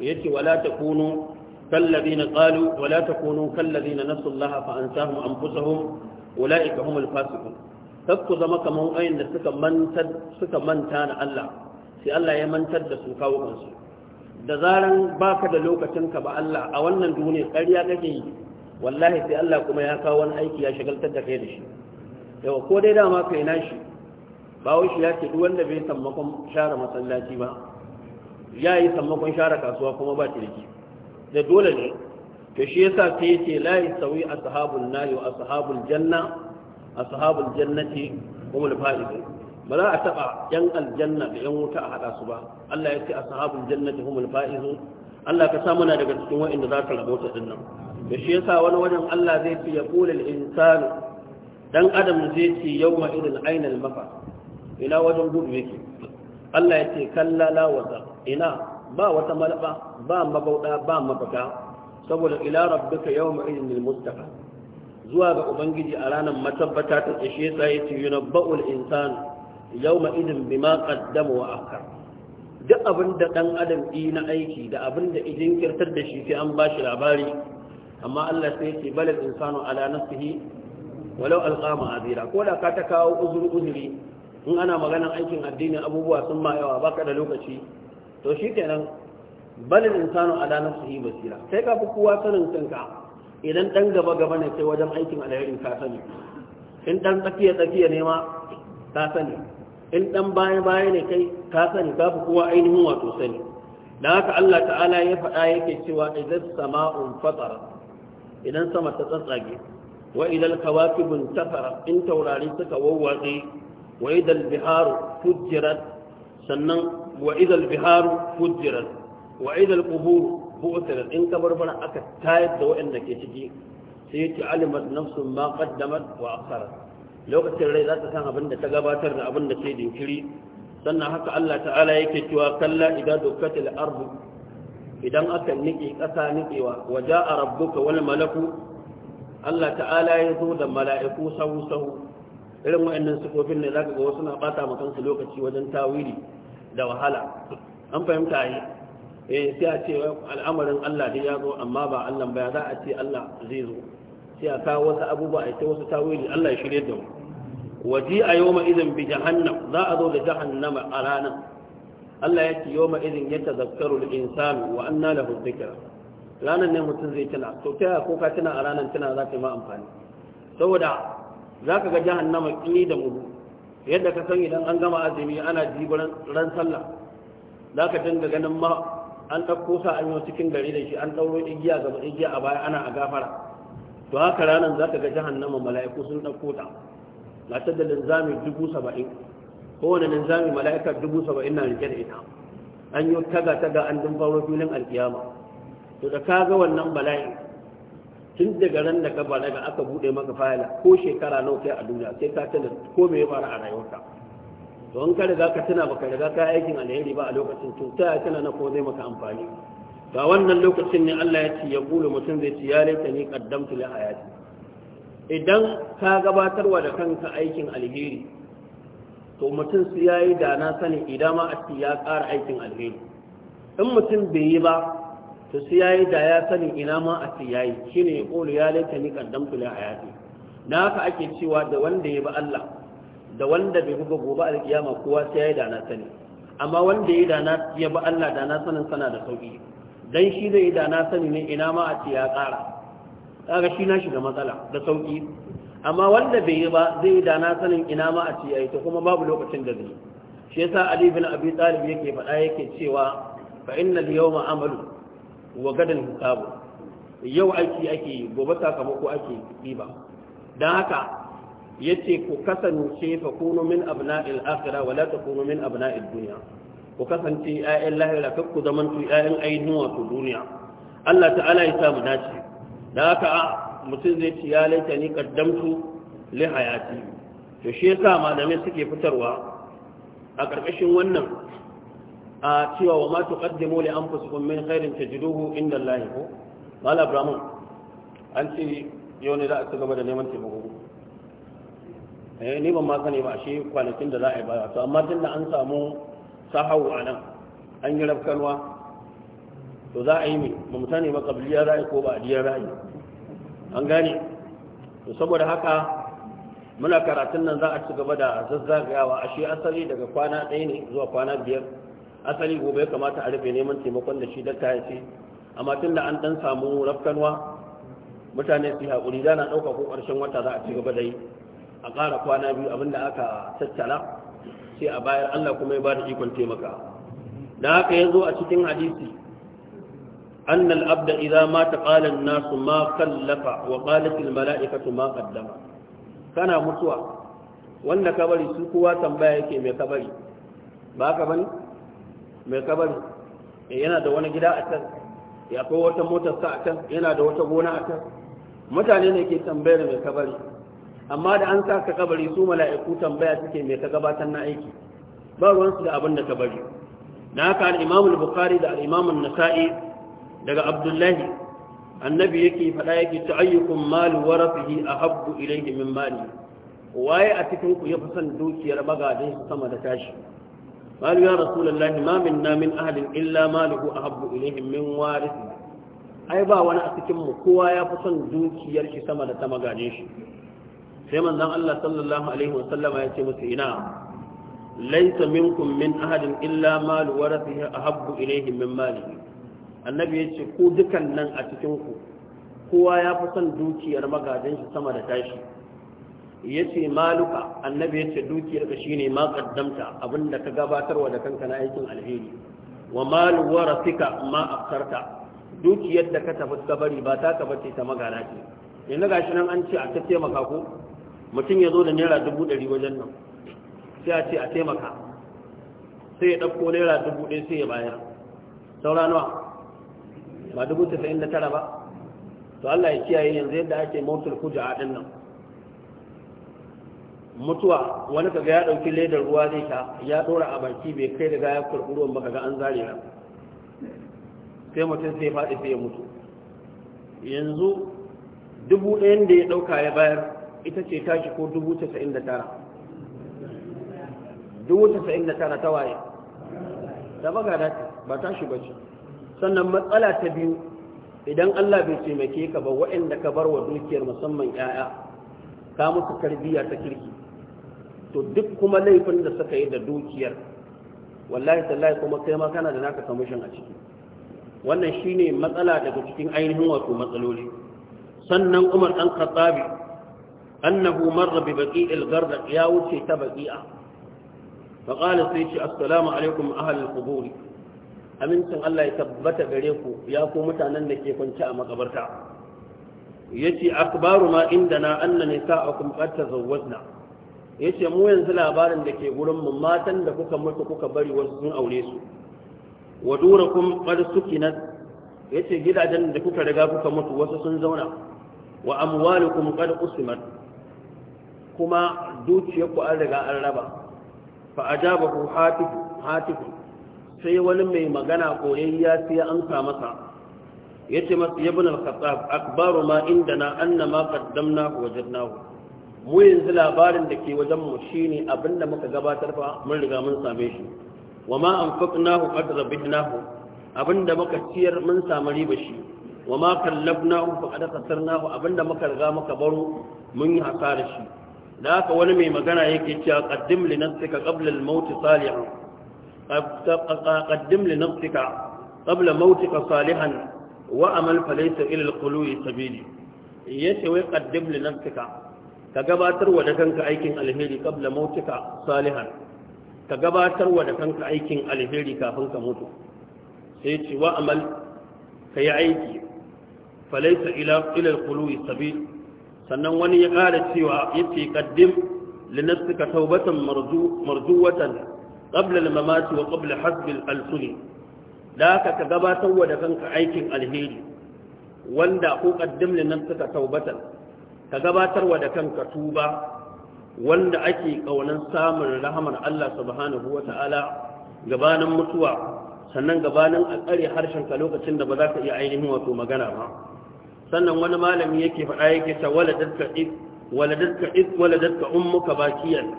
yace wala takunu كالذين na ولا تكونوا كالذين an الله فأنساهم أنفسهم أولئك هم الفاسقون تبقى زما كمان أين سك من تد سك من تان الله سي الله يمن تد سوك وغنس da zaran baka da lokacinka ba Allah a wannan duniya ƙarya kake yi wallahi sai Allah kuma ya kawo wani aiki ya shagaltar da kai da shi yawa ko dai dama kai na shi bawo shi ya ce duk wanda bai sammakon share masallaci ba ya yi sammakon share kasuwa kuma ba ciniki da dole ne to shi yasa sai yace la yasawi ashabul nari wa ashabul janna ashabul jannati humul faizun ba za a taba yan aljanna da yan wuta a hada su ba Allah ya ce ashabul jannati humul faizun Allah ka sa muna daga cikin wa'inda za ka rabota din nan da shi yasa wani wajen Allah zai ce ya qulul insanu dan adam zai ce yawma aina ainal mafa ina wajen gudu yake Allah ya ce kallala wata ina ba wata malaba ba mabauda ba mafaka saboda ila rabbika yawma idin mustaqa zuwa ga ubangiji a ranar matabbata ta tsashe tsaye ce yunabba'ul insan yawma idin bima qaddama wa akhar duk abin da dan adam yi na aiki da abin da idin kirtar da shi sai an bashi labari amma Allah sai ya ce balal insanu ala nafsihi walau alqama azira ko da ka ta kawo uzuri uzuri in ana maganan aikin addinin abubuwa sun ma yawa baka da lokaci to shi kenan balin insanu ala yi basira sai ka fi kowa sanin kanka idan dan gaba gaba ne sai wajen aikin alherin ka sani in dan tsakiya tsakiya ne ma ka sani in dan baya baya ne kai ka sani ka fi kowa ainihin wato sani da haka Allah ta'ala ya faɗa yake cewa idan sama'un fatara idan sama ta tsatsage wa idan kawakibun tafara in taurari suka wawwatsi. wa biharu fujjirat sannan wa biharu fujjirat wa idal bu'thirat in kabarbara aka tayar da waɗanda ke ciki sai yace alimat nafsun ma qaddamat wa akharat lokacin rai za ta san abin da ta gabatar da abin da ke dinkiri sannan haka Allah ta'ala yake cewa kalla idan dukkatil ardu idan aka nike ƙasa nikewa waja a rabbuka wal malaku Allah ta'ala ya zo da mala'iku sahu sahu irin wa'annan sifofin ne za ka ga wasu na bata ma kansu lokaci wajen tawili da wahala an fahimta yi E, eh, sai a ce al'amarin Allah dai ya zo amma ba Allah ba za a ce Allah zai zo sai a kawo wasu abubuwa a ta wasu tawili Allah ya shirye da mu waji a yawma idan bi jahannam za a zo da jahannama a ranar Allah ya ce yawma idan ya tazakkaru al-insanu wa anna lahu dhikra ranar ne mutum zai tana to ta ko ka tana a ranar tana za ta yi ma amfani saboda za ka ga jahannama ƙini da mudu yadda ka san idan an gama azumi ana jibiran ran sallah za ka dinga ganin ma an ɗauko sa an yi cikin gari da shi an ɗauro igiya gaba igiya a baya ana a gafara to haka ranar za ka ga jahannama mala'iku sun ɗauko ta na ta da linzami dubu saba'in kowane linzami mala'ika dubu saba'in na rike da ita an yi taga taga an dimfaro filin alkiyama to da ka ga wannan bala'in tun da ran da ka ba daga aka bude maka fayila ko shekara nawa kai a duniya sai ka tana ko me ya fara a rayuwarka to in ka riga ka tana baka riga ka aikin alheri ba a lokacin to ta ya tana na ko zai maka amfani ga wannan lokacin ne Allah ya ce ya kula mutum zai ci ya laita ni qaddamtu li hayati idan ka gabatarwa da kanka aikin alheri to mutum su yayi da na sani idan ma a ci ya ƙara aikin alheri in mutum bai yi ba to sai yayi da ya sani ina ma a ce yayi shine ya kulu ya laita ni kaddam li hayati na haka ake cewa da wanda ya bi Allah da wanda bai bi gobe alkiyama kowa sai yayi da na sani amma wanda ya da na ya bi Allah da na sanin sana da sauki dan shi zai da na sani ne ina ma a ce ya ƙara kaga shi na shiga matsala da sauki amma wanda bai yi ba zai yi da na sanin ina ma a ce yayi to kuma babu lokacin da zai shi yasa Ali bin Abi Talib yake faɗa yake cewa fa innal yawma amalu wa gadan hisabu yau aiki ake yi gobe sakamako ake riba dan haka ce ku kasance fa kunu min abna'il akhirah wa la takunu min abna'id dunya ku kasance ayyan lahira kar ku zaman ku ayyan ainuwa ku duniya Allah ta'ala ya samu dace dan haka mutum zai ci ya laita ni kaddamtu li hayati to shi yasa malamai suke fitarwa a ƙarƙashin wannan a cewa wa ma tuqaddimu li anfusikum min khairin tajiduhu inda Allah ko mal abramun an ce yau ne za a ci gaba da neman taimako eh ni ban ma sani ba shi kwanakin da za a yi ba to amma tunda an samu sahau a nan an yi rafkanwa to za a yi mai ba mu sani ba kabiliyar ra'ayi ko ba adiyar ra'ayi an gane to saboda haka muna karatun nan za a ci gaba da zazzagayawa a shi asali daga kwana ɗaya ne zuwa kwana biyar asali gobe ya kamata a rufe neman taimakon da shi da ta yace amma tun da an dan samu rafkanwa mutane su haƙuri da na ɗauka ko ƙarshen wata za a ci gaba da yi a ƙara kwana biyu abin da aka tattala sai a bayar Allah kuma ya ba da ikon taimaka da haka ya zo a cikin hadisi أن الأبد إذا مات قال الناس ما خلف وقالت الملائكة ما قدم كان متوى وأن كبري سكوى تنبايك من كبري باك بني mai kabari eh, yana da wani gida a can ya eh, kawo wata motar sa a can yana da wata gona a can mutane ne ke tambayar mai kabari amma da an sa ka kabari su mala'iku tambaya suke mai ka gabatar na aiki ba ruwansu da abin da ka bari na haka al'imamu bukari bukhari da al'imamu nasa'i daga abdullahi annabi yake faɗa yake ta ayyukun malu warafihi a habbu ilaihi min mali waye a cikin ku ya fi son dukiyar magajin sama da tashi قال يا رسول الله ما منا من أحد إلا ماله أحب إليهم من وارثه ai ba wani a cikinmu kowa ya fi son dukiyar shi sama da ta magaje shi sai manzon Allah sallallahu alaihi wasallama ya ce musu ina laisa minkum min ahadin illa malu warathihi ahabbu ilayhi min malihi annabi ya ce ku dukan nan a cikin ku kowa ya fi son dukiyar magajen shi sama da tashi Ya ce maluka annabi ce dukiyar ka shine ma qaddamta abinda ka gabatarwa da kanka na aikin alheri wa wa rafika ma aktarta dukiyar da ka tafi gabari ba ta ka bace ta magana ce yanzu gashi nan an ce a ta taimaka ko mutum ya zo da naira dubu ɗari wajen nan sai a ce a taimaka sai ya ɗauko naira dubu ɗaya sai ya bayar saura nawa ba dubu tasa'in da tara ba to Allah ya kiyaye yanzu yadda ake motar kuja a ɗin nan mutuwa wani kaga ya ɗauki ledar ruwa zai sha ya ɗora a baki bai kai daga ya kurɓi ruwan ba kaga an zare ran sai mutum sai faɗi sai ya mutu yanzu dubu ɗayan da ya ɗauka ya bayar ita ce tashi ko dubu casa'in da tara dubu casa'in da tara ta waye ta baga dace ba tashi ba ce sannan matsala ta biyu idan Allah bai taimake ka ba waɗanda ka bar wa dukiyar musamman 'ya'ya ka musu karbiya ta kirki to duk kuma laifin da suka yi da dukiyar wallahi tallahi kuma kai ma kana da naka kamushin a ciki wannan shine matsala daga cikin ainihin wato matsaloli sannan Umar dan Khattabi annahu marra bi baqi'il gardaq ya wuce ta baqi'a fa qala sai ce assalamu alaikum ahli al-qubur amincin Allah ya tabbata gare ku ya ku mutanen da ke kwance a makabarta yace akbaru ma indana anna nisa'akum qad tazawwajna ya ce mu yanzu labarin da ke gurinmu matan da kuka mutu kuka bari wasu sun aure su wa dura kun suki na ya ce gidajen da kuka riga kuka mutu wasu sun zauna wa amwali kuma ƙar usman kuma dukiyar ku an riga an raba fa a ja ba ku sai wani mai magana koyayya sai an sa masa ya ce masu yabin al-khattab akbaru ma inda na annama wajen wajadnahu mu yanzu labarin da ke wajen mu shine da muka gabatar fa mun riga mun same shi wa ma anfaqnahu qad Abin da muka ciyar mun samu riba shi wa ma kallabnahu faqad khasarnahu da muka riga muka baro mun yi hasara shi da haka wani mai magana yake cewa qaddim li nafsika qabla al-maut salihan qaddim li nafsika qabla mautika salihan wa amal falaysa ila al-qulu'i sabili yace wai qaddim li nafsika ka gabatar wa da kanka aikin alheri kabla mautika salihan ka gabatar wa da kanka aikin alheri kafin ka mutu sai ce wa amal ka yi aiki falaisa ila ilal qulubi sabil sannan wani ya ƙara cewa yace qaddim linafsika tawbatan marju marjuwatan qabla al-mamat wa qabla hasb al-alsun da ka ka gabatar wa da kanka aikin alheri wanda ko qaddim linafsika tawbatan ka gabatarwa da kanka tuba wanda ake kaunan samun rahamar Allah subhanahu wa ta'ala gabanin mutuwa sannan gabanin a tsare harshenka lokacin da ba za ka iya ainihin wato magana ba sannan wani malami yake faɗa yake ta waladatka ik waladatka ummuka bakiyan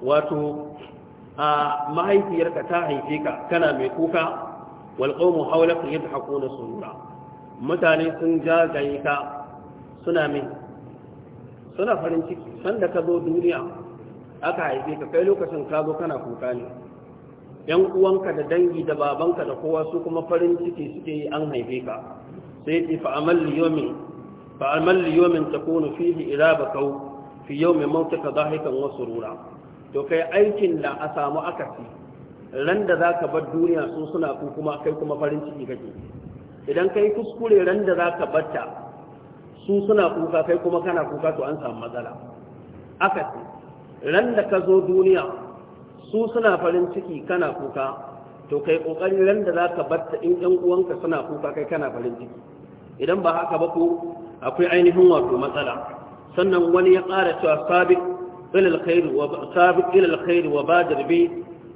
wato a mahaifiyarka ta haife ka kana mai kuka wal qawmu hawlaka yadhaquna surura mutane sun jagaye ka suna mai suna farin ciki sanda ka zo duniya aka haife ka kai lokacin ka zo kana kuka ne yan uwanka da dangi da babanka da kowa su kuma farin ciki suke yi an haife ka sai ce fa'amal liyomin fa'amal liyomin takunu fihi ila kau fi yawmin mautuka zahikan wasu rura to kai aikin da a samu akasi ran da zaka bar duniya su suna ku kuma kai kuma farin ciki kake idan kai kuskure ran da zaka ta. su suna kuka kai kuma kana kuka to an samu matsala aka ce ran da ka zo duniya su suna farin ciki kana kuka to kai kokari ran da zaka batta in ɗan uwanka suna kuka kai kana farin ciki idan ba haka ba ko akwai ainihin wato matsala sannan wani ya ƙara cewa sabiq ila alkhair wa sabiq ila alkhair wa badir bi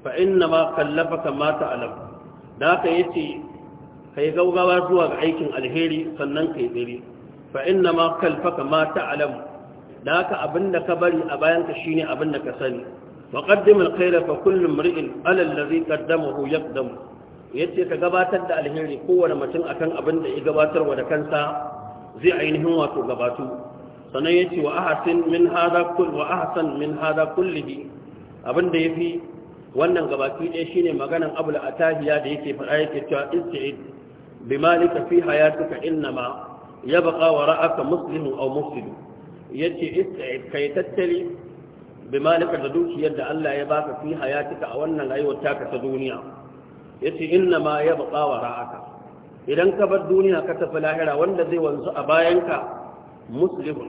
fa inna ma kallafaka ma ta'lam da haka yace kai gaugawa zuwa ga aikin alheri sannan kai tsere fa inna ma kalfaka mata ta'lam da abin da ka bari a bayan ka abin da ka sani wa qaddim kullum fa kullu mar'in ala alladhi qaddamahu yaqdam yace ka gabatar da alheri kowane mutum akan da ya wa da kansa zai ainihin wato gabatu sannan ya ce wa ahasin min hada kull abin da ya fi. yafi wannan gabaki ɗaya shine maganan abul atahiya da yake faɗa yake cewa isti'id bimalika fi hayatuka innama ya baka wa ra'aka muslimu aw Ya ce ista'id kai tattali bi malika da dukiyar da Allah ya baka fi hayatika a wannan rayuwar taka ta duniya yace inna ma ya baka wa ra'aka idan ka bar duniya ka tafi lahira wanda zai wanzu a bayanka muslimun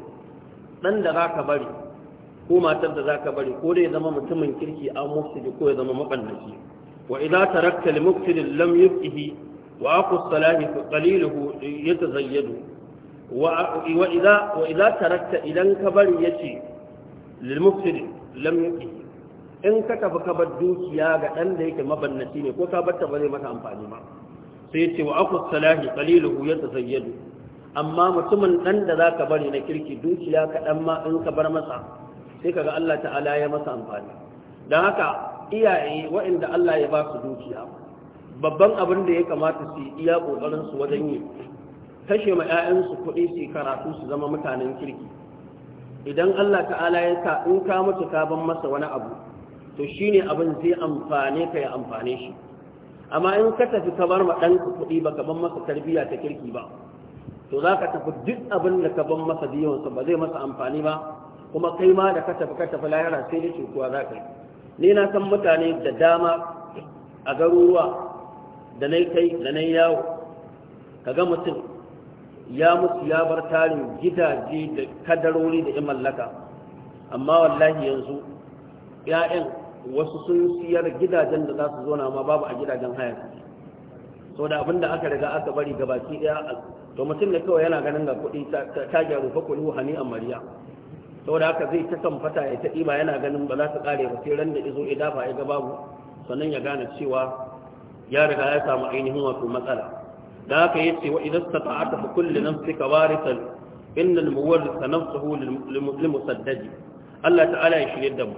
dan da ka bari ko matar da zaka bari ko dai zama mutumin kirki a mufsidi ko ya zama mabannaci wa idza tarakta li mufsidin lam yubqihi wa aqu salahi qaliluhu yatazayyadu wa idza wa tarakta idan ka bari yace lil mufsid lam in ka tafi ka bar dukiya ga ɗan da yake mabannati ne ko ka bar ta ba zai masa amfani ma? sai ce wa aqus salahi qaliluhu yatazayyadu amma mutumin ɗan da za ka bari na kirki dukiya ka dan ma in ka bar masa sai ka ga Allah ta'ala ya masa amfani dan haka iyaye waɗanda Allah ya ba su dukiya babban abin da ya kamata su iya kokarin su wajen yi kashe ma 'ya'yansu kuɗi su karatu su zama mutanen kirki idan Allah ta'ala ya sa in ka mutu ka ban masa wani abu to shine abin zai amfane ka ya amfane shi amma in ka tafi ka bar ma ɗanka kuɗi ba ka ban masa tarbiyya ta kirki ba to za ka tafi duk abin da ka ban masa biyansa ba zai masa amfani ba kuma kai ma da ka tafi ka tafi lahira sai da cutuwa za ka yi ni na san mutane da dama a garuruwa da na kai da na yawo ka ga mutum ya mutu ya bar tarin gidaje da kadarori da ya mallaka amma wallahi yanzu ‘ya'yan wasu sun siyar gidajen da za su zo ma babu a gidajen haya sau da abinda aka riga aka bari ga baki daya to mutum da kawai yana ganin ga kuɗi ta gyaru fa kuɗi hani a mariya sau da aka zai ta kamfata ya ta ɗiba yana ganin ba za ta kare ba sai ran da izo ya dafa ya ga babu sannan ya gane cewa ya riga ya samu ainihin wato matsala da haka yi wa idan sata'ata fa kullu nafsika inda innal muwarritha nafsuhu lil musaddadi Allah ta'ala ya shirye da mu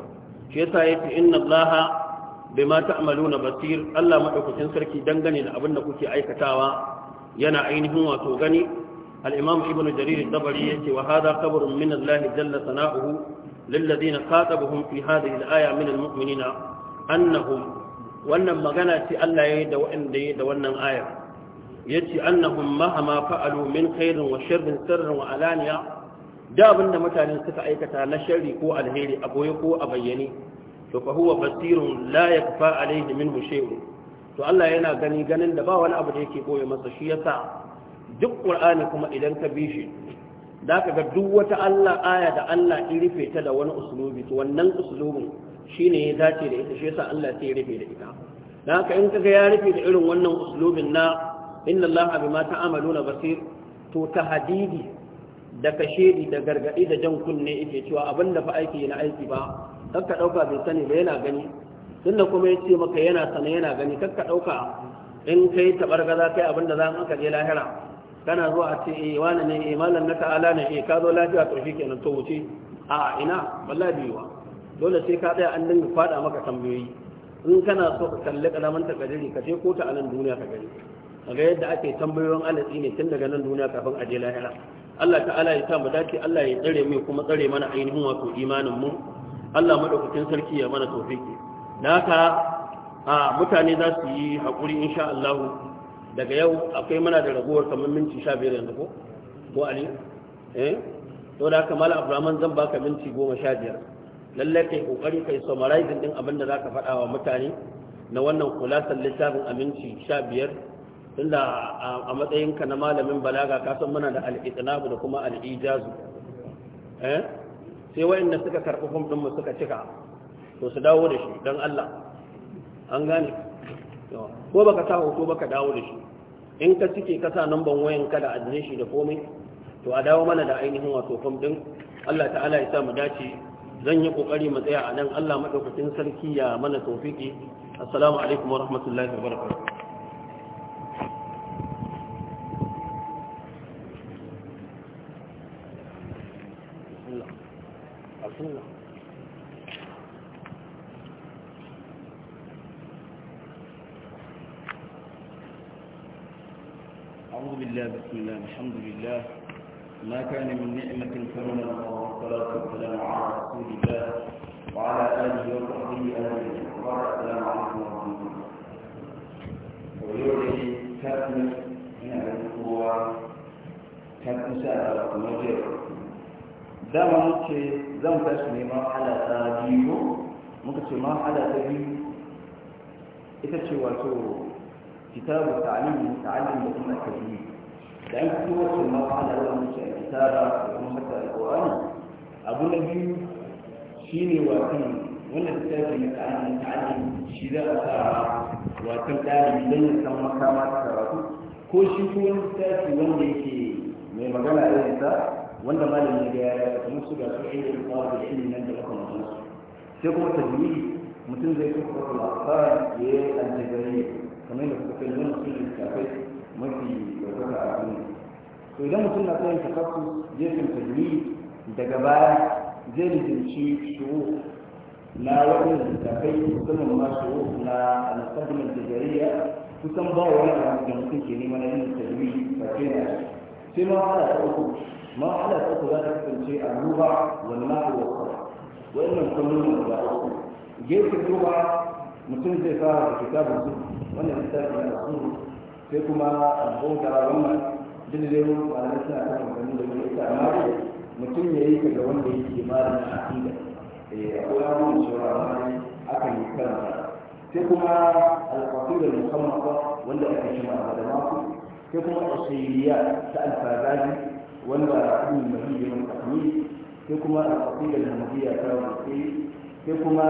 shi yasa yace inna ma bima na basir Allah madaukakin sarki dangane da abin da kuke aikatawa yana ainihin wato gani alimam imam Ibn Jarir al-Dabari yace wa hadha qabrun min Allah jalla sana'uhu lil na qatabuhum fi hadhihi da aya min al annahum wannan magana ce Allah ya yi da wanda ya da wannan ayar yace annahum mahama fa'alu min khairin wa sharrin sirran wa alaniya da abinda mutane suka aikata na sharri ko alheri a goye ko a bayyane to fa huwa basirun la yakfa alayhi minhu shay'un to Allah yana gani ganin da ba wani abu da yake boye masa shi yasa duk qur'ani kuma idan ka bi shi ka ga duk wata Allah aya da Allah in rufe ta da wani uslubi to wannan uslubin shine ya dace da ita shi yasa Allah sai ya rufe da ita da in in ga ya rufe da irin wannan uslubin na inna allaha bima ta'maluna basir to tahdidi da kashedi da gargadi da jan kunne yake cewa abinda fa aiki na aiki ba kakka dauka bai sani ba yana gani tunda kuma yace maka yana sana yana gani kakka dauka in kai tabargaza kai abinda za ka je lahira kana zuwa a ce eh wani ne eh malam na ta'ala ne eh ka zo lafiya to shi kenan to wuce a ina wallahi ba dole sai ka tsaya an dinga fada maka tambayoyi in kana so ka kalli kalaman takadiri ka je ko a nan duniya ka gani kaga yadda ake tambayoyin alatsi ne tun daga nan duniya kafin aje lahira Allah ta'ala ya sa mu dace Allah ya tsare mu kuma tsare mana ainihin wato imanin mu Allah madaukakin sarki ya mana tawfiki da haka a mutane za su yi hakuri insha Allah daga yau akwai mana da ragowar kamar minti 15 yanzu ko ko ali eh to da haka mala Abdurrahman zan baka minti 15 lalle kai kokari kai summarizing din abin da zaka faɗa wa mutane na wannan kulasan littafin aminci 15 tunda a matsayinka na malamin balaga ka san muna da al da kuma al-ijazu eh sai wayanda suka karɓi fom din mu suka cika to su dawo da shi dan Allah an gane ko baka sa hoto baka dawo da shi in ka cike ka sa namban wayan ka da shi da komai to a dawo mana da ainihin wato fom din Allah ta'ala ya sa mu dace zan yi kokari mu tsaya a nan Allah madaukakin sarki ya mana tawfiki assalamu alaikum wa rahmatullahi wa barakatuh الله بسم الله الحمد لله ما كان من نعمة فمن الله والصلاة والسلام على رسول الله وعلى آله وصحبه أجمعين السلام عليكم ورحمة الله ويوري كتم من القوة كاتم سأل وغيره دام مكي دام تشمي مرحلة تاجيبه مكتش مرحلة تاجيبه إذا واتو كتاب التعليم تعلم بأمة كبيرة dan kowace mafala wanda ke a kitara da kuma haka abu na biyu shine watan wannan littafi na ta'ani ta'ani shi za a sa watan ɗalibi don ya san makama ta karatu ko shi ko wani littafi wanda yake mai magana irin sa wanda malami ya ga ya kuma su ga su inda ya fara da shi nan da aka makamantansu sai kuma tajmili mutum zai kuma kwakwalwa fara ya yi aljabariya to idan mutum na son takassu gefen tajmi daga baya zai lizinci shuhu na wani littafai musamman ma shuhu na al-muqaddimah tijariya kusan ba wani abu da mutum ke nema na yin tajmi ba ke na sai ma ala ta uku ma ala ta uku za ta kasance a wani ma wal ma'i wa qara wa'annan kalmomin da uku gefen ruba mutum zai fara da kitabun su wannan littafin na sai kuma al-bawda wannan duk zai mun kwana suna kan amfani da wani ita amma dai mutum ya yi kaga wanda yake malamin aƙida a eh, akwai abubuwan shawara amma ne akan yi karanta sai kuma alƙaƙi da musamman wanda ake shima a da maku sai kuma asiriya ta alfazaji wanda ibn mahiyyi mun tahmid sai kuma alƙaƙi da mahiyya ta wuce sai kuma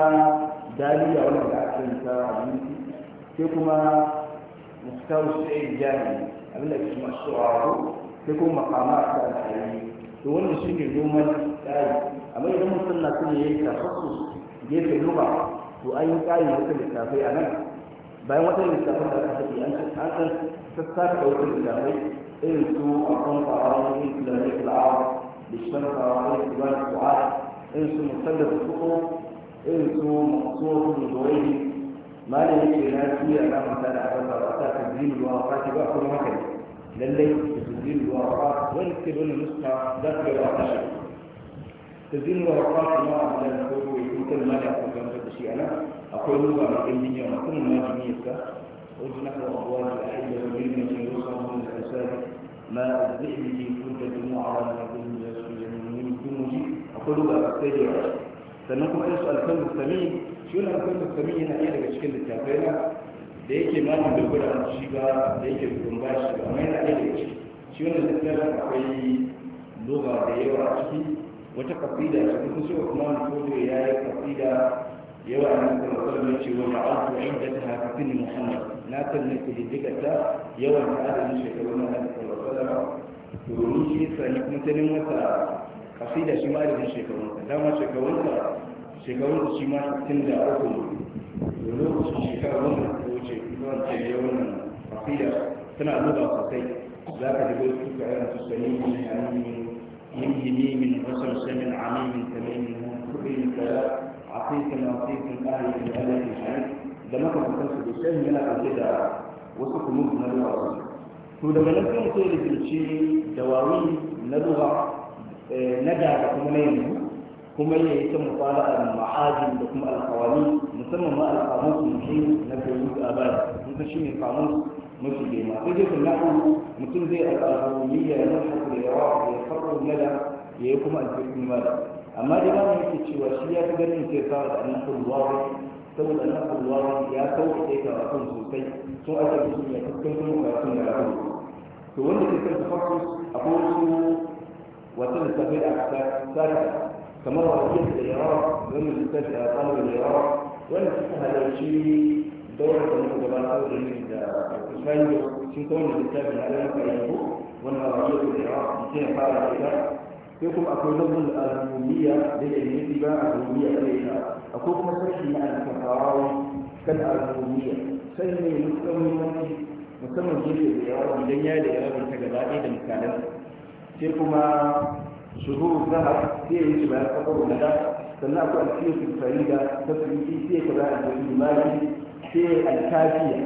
daliya wanda aka yi ta abinci sai kuma shawarar da ya jari abinda ke kuma sai kuma makama a kan ayi to wannan shi ne noman tsari amma idan mutum na kuma yayi tafasu gefe noma to an yi tsari wata littafai a nan bayan wata littafai da aka tafi an ta sassa da ta littafai irin su ta ta ما لا يمكن أن يكون أبدا وأتى تدين الورقات بقى كل مكان للي تدين الورقات ويكتب نسخة داخل الورقات تدين الورقات ما أبدا نقول ويكون كل ما يأخذ جنب الشيء أنا أقول له أنا إني يوم أكون ما جميعك أجنك وأبواب الأحلة والبلمة يوصف من الأسابق ما أزدحني كنت دموع على ما يكون يسجد من كل مجيء أقول له أبدا sannan kuma irin su alkan mustami shi wani alkan mustami yana iya daga cikin littafai na da yake malam da gudan shi ba da yake gudun ba shi ba amma yana iya daga ciki shi wani littafin akwai loga da yawa a ciki wata kafida ce kuma sai wani Kodo ya yi kafida yawa a nan kuma kullum ya ce wani abu inda ta haka ni Muhammad na kan ne ku diddigata yawan da adadin shekaru na Nabi sallallahu alaihi wasallam to ni shi sani kuma ta nemi ta kafida shi ma adadin shekarun ka dama shekarun ka shekarun shi ma tun da uku ne da lokacin shekara wannan ko ce zuwa ce ya wannan akida tana zuba sosai za ka ji wasu suka yana su sani ne a من يميم وسمسم عميم تميم كل كلام عقيق عقيق أهل الألم الحين ده ما كان بس بشيء من الأجداء وصف مبنى الأرض to daga nan sai mutum da kirci dawawi na lura na da kuma na yanzu kuma ya yi ta mufala a ma'ajin da kuma alkawani musamman ma alkamun su mutum na kai a bai mutum shi ne kamun mafi girma sai dai kuma nahu mutum zai alkawaniya ya nufa da yawa ya farko nada ya yi kuma alfirkin mada amma dai ba yake cewa shi ya fi ganin sai fara da annabin ba saboda annabin ba ya kawo ɗaya karatun sosai sun ake mutum ya fuskantar sun da rahu to wanda ke kan tafafus akwai wasu wata da tafiya da aka sata kamar wakil da yawa wani littafi a tsarin da yawa wanda suka halarci daular da muka gabatar da ni da kusurani da sun kawo da littafi na ɗan karatu wanda wakil da yawa mutum ya fara da ita sai kuma akwai lafin al'ummiya da ya yi ba al'ummiya da ita akwai kuma sashi na al'ummiya kan al'ummiya sai ne mutum muhimmanci musamman gefe da yawa idan ya da yawa ta gaba ɗaya da misalan sai kuma shuhur zahar sai ya yi shi bayan kafar wadda sannan akwai alfiyar farida ta suyi sai ka da alfiyar mali sai alkafiya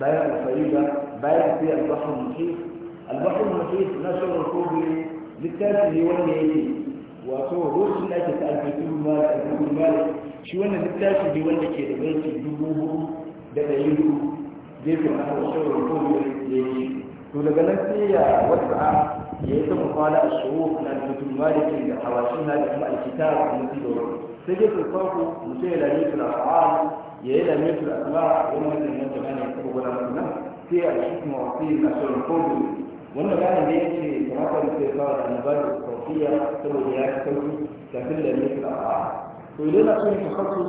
bayan alfarida bayan sai albahar muhit albahar muhit na shirin kogiri littafi ne wanda yake wato lokacin da ake ta alfiyar mali alfiyar mali shi wannan littafi ne wanda ke da baiti dubu hudu da ɗari hudu gefen aka shirin kogiri ya yi to daga nan sai ya wasa ya yi ta mukala a shuhu na mutum malikin da hawashin na da kuma alkitar da mutum da wani sai dai turfaku mutum ya lami tura fa'al ya yi lami tura asma wani mutum ya jama'a ne ya taɓa gwada mutum nan sai a shi kuma wasu na shirin kodu wanda gane ne ya ce kamata da sai fara da nubar da kofiya saboda ya fi sauki kafin da lami tura fa'al to idan na so ya tafasu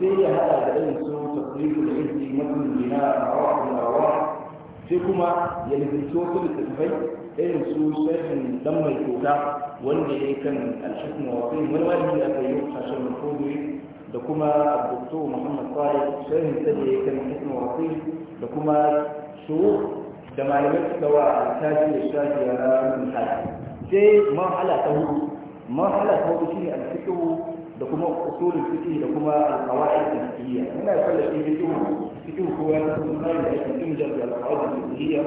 sai ya haɗa da irin su tafiye da ilmi mutum jina a rawa da rawa sai kuma ya lizinci wasu littattafai irin su sharhin dan mai kyauta wanda ya yi kan alshifin wa kai wani wani da aka yi hashen makogoyi da kuma doktor muhammad kwari sharhin sa da ya yi kan alshifin wa kai da kuma shuru da malamai suka wa alkashi da shafi a ranar misali sai mahala ta hudu mahala ta hudu shine alfikihu da kuma usulul fiqh da kuma alqawaid da fiqhiyya muna kallon fiqh cikin kowa ya san tsari da ake cikin jirgin al'adar da zuhiya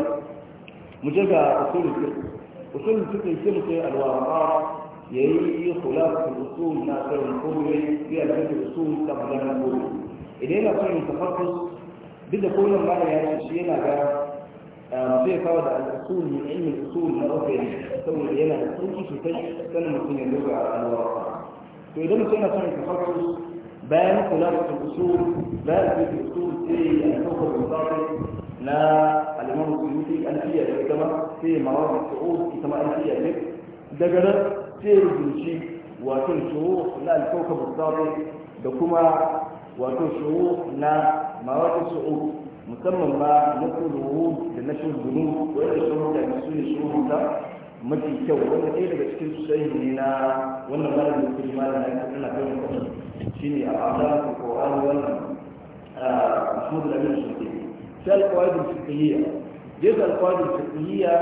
mu je ga usul fiqh usul fiqh sai mu kai alwara ya yi khulafa usul na karin komai sai a cikin usul tabbatar komai idan yana son yin tafakkur duk da kullum ba ya ce shi yana ga zai eh, kawo da al'usul min ilmin usul na rufin saboda yana da sauki sosai sanin mutum ya zuga alwara to idan mutum yana son yin tafakkur bayan kula da usul bayan da sai a kawo misali na alimam suyuti an da gama sai mawar da su'ud ita ma an fiye da daga nan sai rubuci wato shuhu na alkauka misali da kuma wato shuhu na mawar da musamman ba na kudu da na shugunu wanda shuhu da su ne shuhu ta mafi kyau wanda ɗaya daga cikin su ne na wannan malamin kuma na shi ne a ba ta kowane wannan a ah, mahmud da yin shirkiyya shi alkawajin shirkiyya jesu alkawajin shirkiyya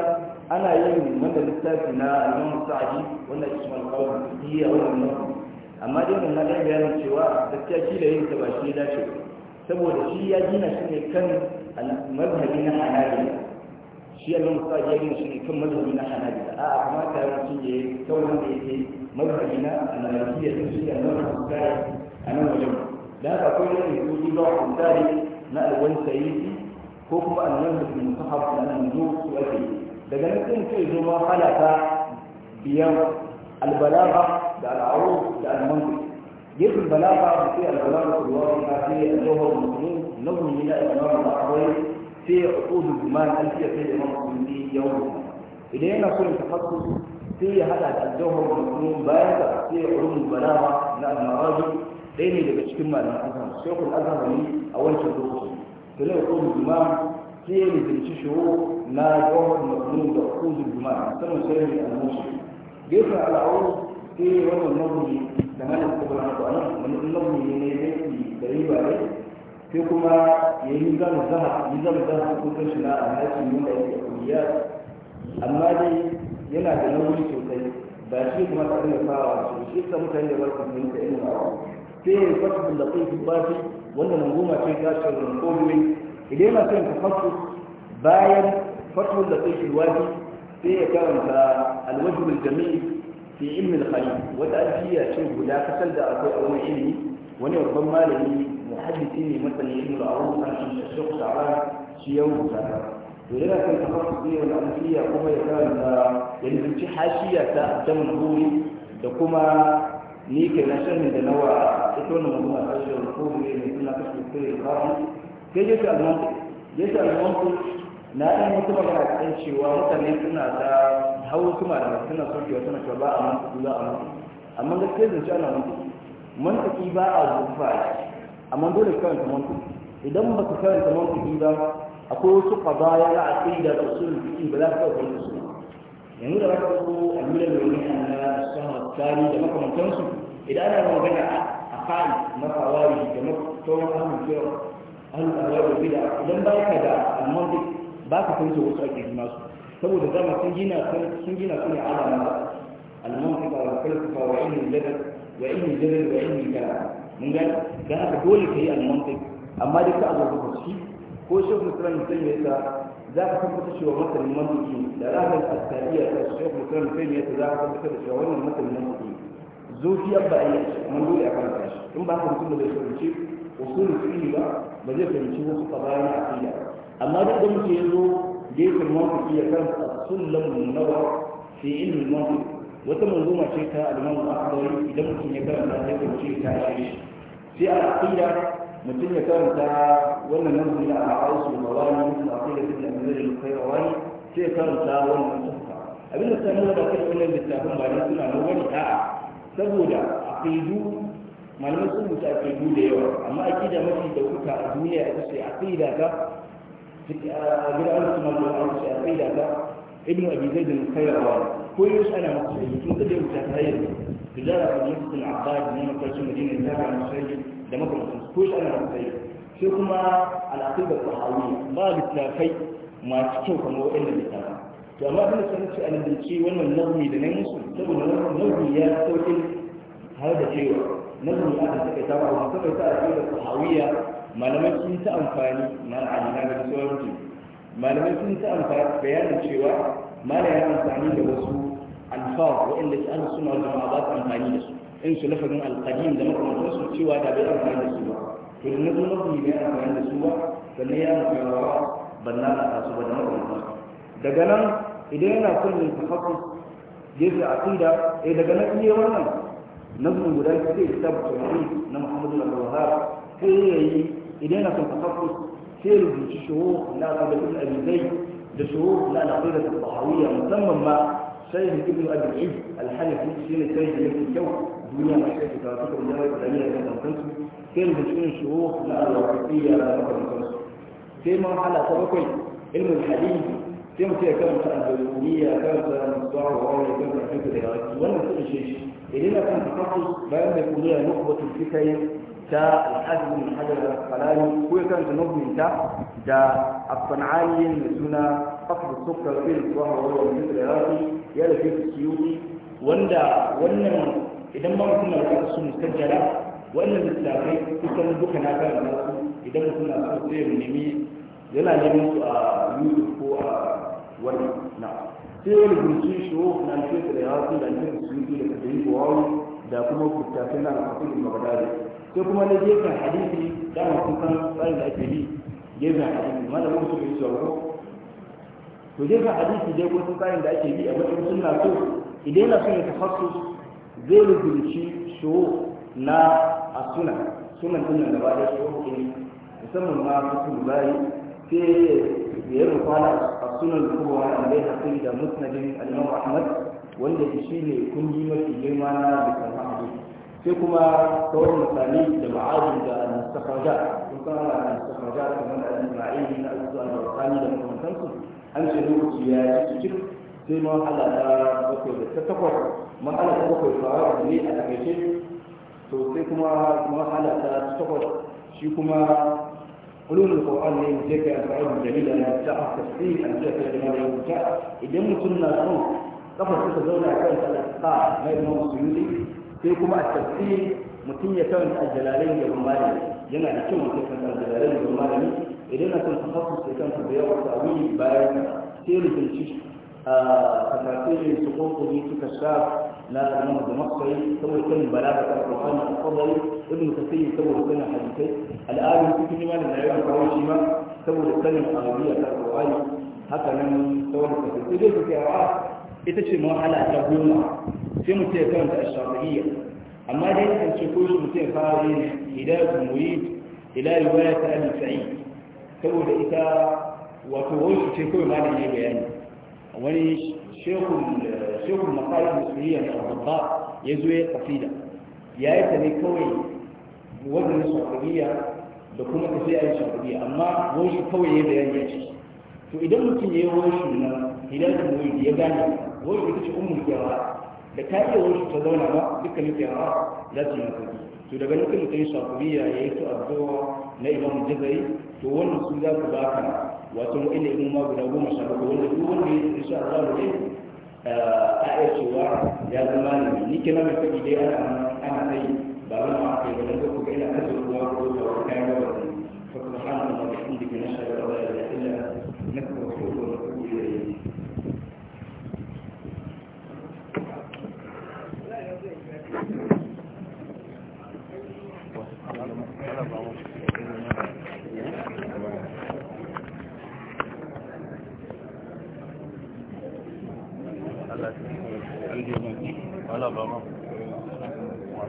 ana yin wanda littafi na alman musa'adi wanda shi shi alkawajin shirkiyya wannan nufin amma dai mun lalai bayanin cewa gaskiya shi da yin ta ba shi ya saboda shi ya gina shi ne kan mazhabi na hanayi shi yanzu musa ya yi shi ne kan mazhabi na hanabi a a kuma ta yi ya ne kawai wanda ya ke mazhabi na anarkiya sun shi a nan hankali a nan wajen da haka akwai wani ne koji zuwa hankali na alwani sayidi ko kuma annan da kuma hafi na nan zo su ake daga nan sun ce zo ma halaka biyan albalaba da al'aru da almanku yadda balaba da sai su da ruwa da kafin a zuwa musulun nauyi na imam da akwai sai ya uqudu guman an fiye kai da mamakon ne yawon idan yana so ya tafassu sai ya hada da aljawar mutum bayan ka sai ya urumu balawa na almaraju ɗaya ne daga cikin malaman azhar shekul azhar ne a wancan lokacin to ne uqudu guman sai ya lizinci shiro na jawar mutum da uqudu guman musamman shirin al-mushi gefen sai da da sai kuma ya yi zama zaha yi zama zaha kusan shi na alhaji mun da yake kuriya amma dai yana da nauyi sosai ba shi kuma ta ɗaya fawa su shi ta mutane da barkan sun ta ilimin awa sai ya yi fasu da kai su ba shi wanda nan goma ce ta shi ko kogoyi idan yana son ka fasu bayan fasu da kai shi waji sai ya karanta alwajibul jami'i fi ilmin khalil wata alfiya ce guda kasar da akwai a wani ilimi wani babban malami muhaddisi ne masani ibn al-awun an shi shaykh ta'ala shi ya rubuta to yana kan tafasu ne wal alfiya kuma ya karanta ya nufi hashiya ta jamal huri da kuma ni ke na da nawa ita wannan mutum a kashe rukuri ne suna kashe kai da kawo sai ya ce almanku ya ce almanku na ɗan wata magana kan cewa mutane suna ta hau kuma da suna sokewa suna cewa ba a mantuku za a mantuku amma gaskiya zance ana mantuku mantuki ba a zufa amma dole ka karanta mantiki idan ba ka karanta mantiki ba akwai wasu qadaya na aqida da usul fiqh ba za ka karanta su yanzu da zaka so amilan mu'minin na sahaba tari da makamantansu idan ana magana a kai na fawari da makamantan ahlul kira ahlul ahwal bid'a idan ba ka da al-mantiq ba ka fahimta wasu aqidi nasu saboda zama sun gina sun gina sun alama al-mantiq wa al-falsafa wa ilmi al-jadal wa ilmi al-jadal wa ilmi al-kalam mun ga dan haka dole kai al-mantiq amma dai ka azo ka shi ko shi ku tsara mutum ya ta za ka tabbata cewa matan mantiki da rahar asariya ta shi ku tsara mutum ya ta za ka tabbata da cewa wannan matan mantiki zuciyar ba a yi shi dole a karanta shi in ba ka mutum da zai fahimci usulul fiqh ba ba zai fahimci wasu qabayan aqida amma duk da muke ya zo gefen mantiki ya kan as-sunnah an-nawawi fi ilmi al-mantiq wata manzuma ce ta alimamu a akwai idan mutum ya karanta sai ta ce ta shi sai a aqida mutum ya karanta wannan nan da a ausu mawani mutum a kai da kuma annabi kai rawani sai karanta wannan tafka abin da sai da kai wannan littafin ba dan suna nan wani a'a saboda aqidu malamai sun mutu aqidu da yawa amma aqida mafi dauka a duniya ita ce aqida ta a gidan sunan da aqida ta ibnu abi zaid al-khayrawani كويس أنا مسجد ممكن يتخيل تجارة المسجد العباد من مكتبة مدينة تابعة مسجد ده مكتبة كويس أنا مسجد sai kuma al'aqidar sahawi ba littafai masu kyau kamar wa'annan littafai to amma abin da sanin a nazarci wannan nazmi da nan musu saboda nazmi ya saukin har da cewa nazmi aka saka ta ba kuma saka ta al'aqidar sahawiya malamai sun ta amfani na al'adina da malamai sun ta amfani bayanin cewa ما لا يعني الفاظ وإلا أهل السنة والجماعة بات أمفاني لسه إن سلفة من القديم لما كنا نفسه سوى تابع أمفاني لسوا كل نظر نظري بي أمفاني لسوا فنيا في الوراء بنانا أسوا دماء ونفسه دقنا إذا أنا كل من تخطف جيس عقيدة إيه دقنا إيه ورنا نظر مدان كثير كتاب التوحيد نمحمد الله الوهاب كل يأيي إذا أنا كنت تخطف سيروا لا تبقى أبي زيد لشروط لا نقيضة الطحوية مسمى ما شيخ ابن أبي العز في شيخ الشيخ من الجو دنيا ما شيخ كرافته الجامعة الإسلامية من الخمسة كان بشكل الشروط لا الوقتية لا نقيضة الخمسة في مرحلة تبقي علم الحديث في مرحلة كم الدولية كم المصدر وغيره كم الحديث الإرادي وانا كل شيء إلينا كان تخصص بأن يكون لها نخبة الفكرة تا الحاج بن حجر الاسقلاني هو كان تنظم تا دا الصنعاني سنة أصل السكر في الصهر وهو من العراقي يلا في السيوطي وندا وندا إذا ما كنا الرأس مسجلة وأن الإسلامي كنا بك ناكا الناس إذا كنا سوسي ونمي يلا نمي يوسف وأن آه، نعم sai wani bincin shi wo na alfiyar da ya hasu da alfiyar su yi da kasayi da kuma kuttafi na alfiyar da magana sai kuma na gefen hadisi dama kun san tsarin da ake bi gefen hadisi ma da bi bai shi ko to gefen hadisi dai kun san tsarin da ake bi a matsayin sunna so idan yana son ya tafassus zai rubuci shuhu na asuna sunan din da ba da shuhu ne musamman ma su bari sai ya rufa a sunan kuma wani bai hafi da musnadin al-imam ahmad wanda shi ne kungi mafi girma na bisan hadisi sai kuma sauran misali da ma'ajin da al-mustakhraja sun kana al-mustakhraja kamar da na da wasani da makamantansu an ce lokaci ya cikin sai ma ta da ta takwas ma ta bakwai fara da ne a takaice to sai kuma ma ta takwas shi kuma ne mutum da na ta idan mutum na son kafa zauna kan ta na sai kuma a tafsiri mutum ya a jalalai da malami yana da kyau mutum san jalalai da malami idan na san tafassus sai kansa da yawa ta wuri bayan sai rikinci a kasashe su kokuri suka sha na imam da makwai saboda kan balaga ta alƙur'ani a kwallari ka sai saboda kan hadisai al'adun cikin limanin da yawan kawai shi ma saboda sanin arabiya ta alƙur'ani haka nan sauran kasashe sai dai su kai ita ce mahala ta goma sai mutum ya karanta a shafi'iyya amma dai kan ce ko shi mutum ya fara yin hidayatul murid ila waya ta abi sa'id saboda ita wato wani ce kawai ma da ne bayani wani shekul makarar maqalat musulmiya na babba ya zo ya kafida ya yi ta ne kawai wannan shafi'iyya da kuma ta sai a yi shafi'iyya amma wani kawai ya bayani ya ce to idan mutum ya yi wani shi na hidayatul murid ya gane wani ita ce umar kiyama da ta iya wurin ta zauna ba duka nufi a za su mafi to daga nufin mutum shafuliya ya yi su addu'a na imam jazari to wannan su za ku baka wato mu ina imu ma guda goma sha bakwai wanda duk wanda ya insha Allah ne a iya cewa ya zama ne ni kina mai faɗi dai ana ana sai ba zan ma kai ba dan ku ga ina kazo ruwa ko da kayan gaba fa subhanallahi wa bihamdihi nashhadu an la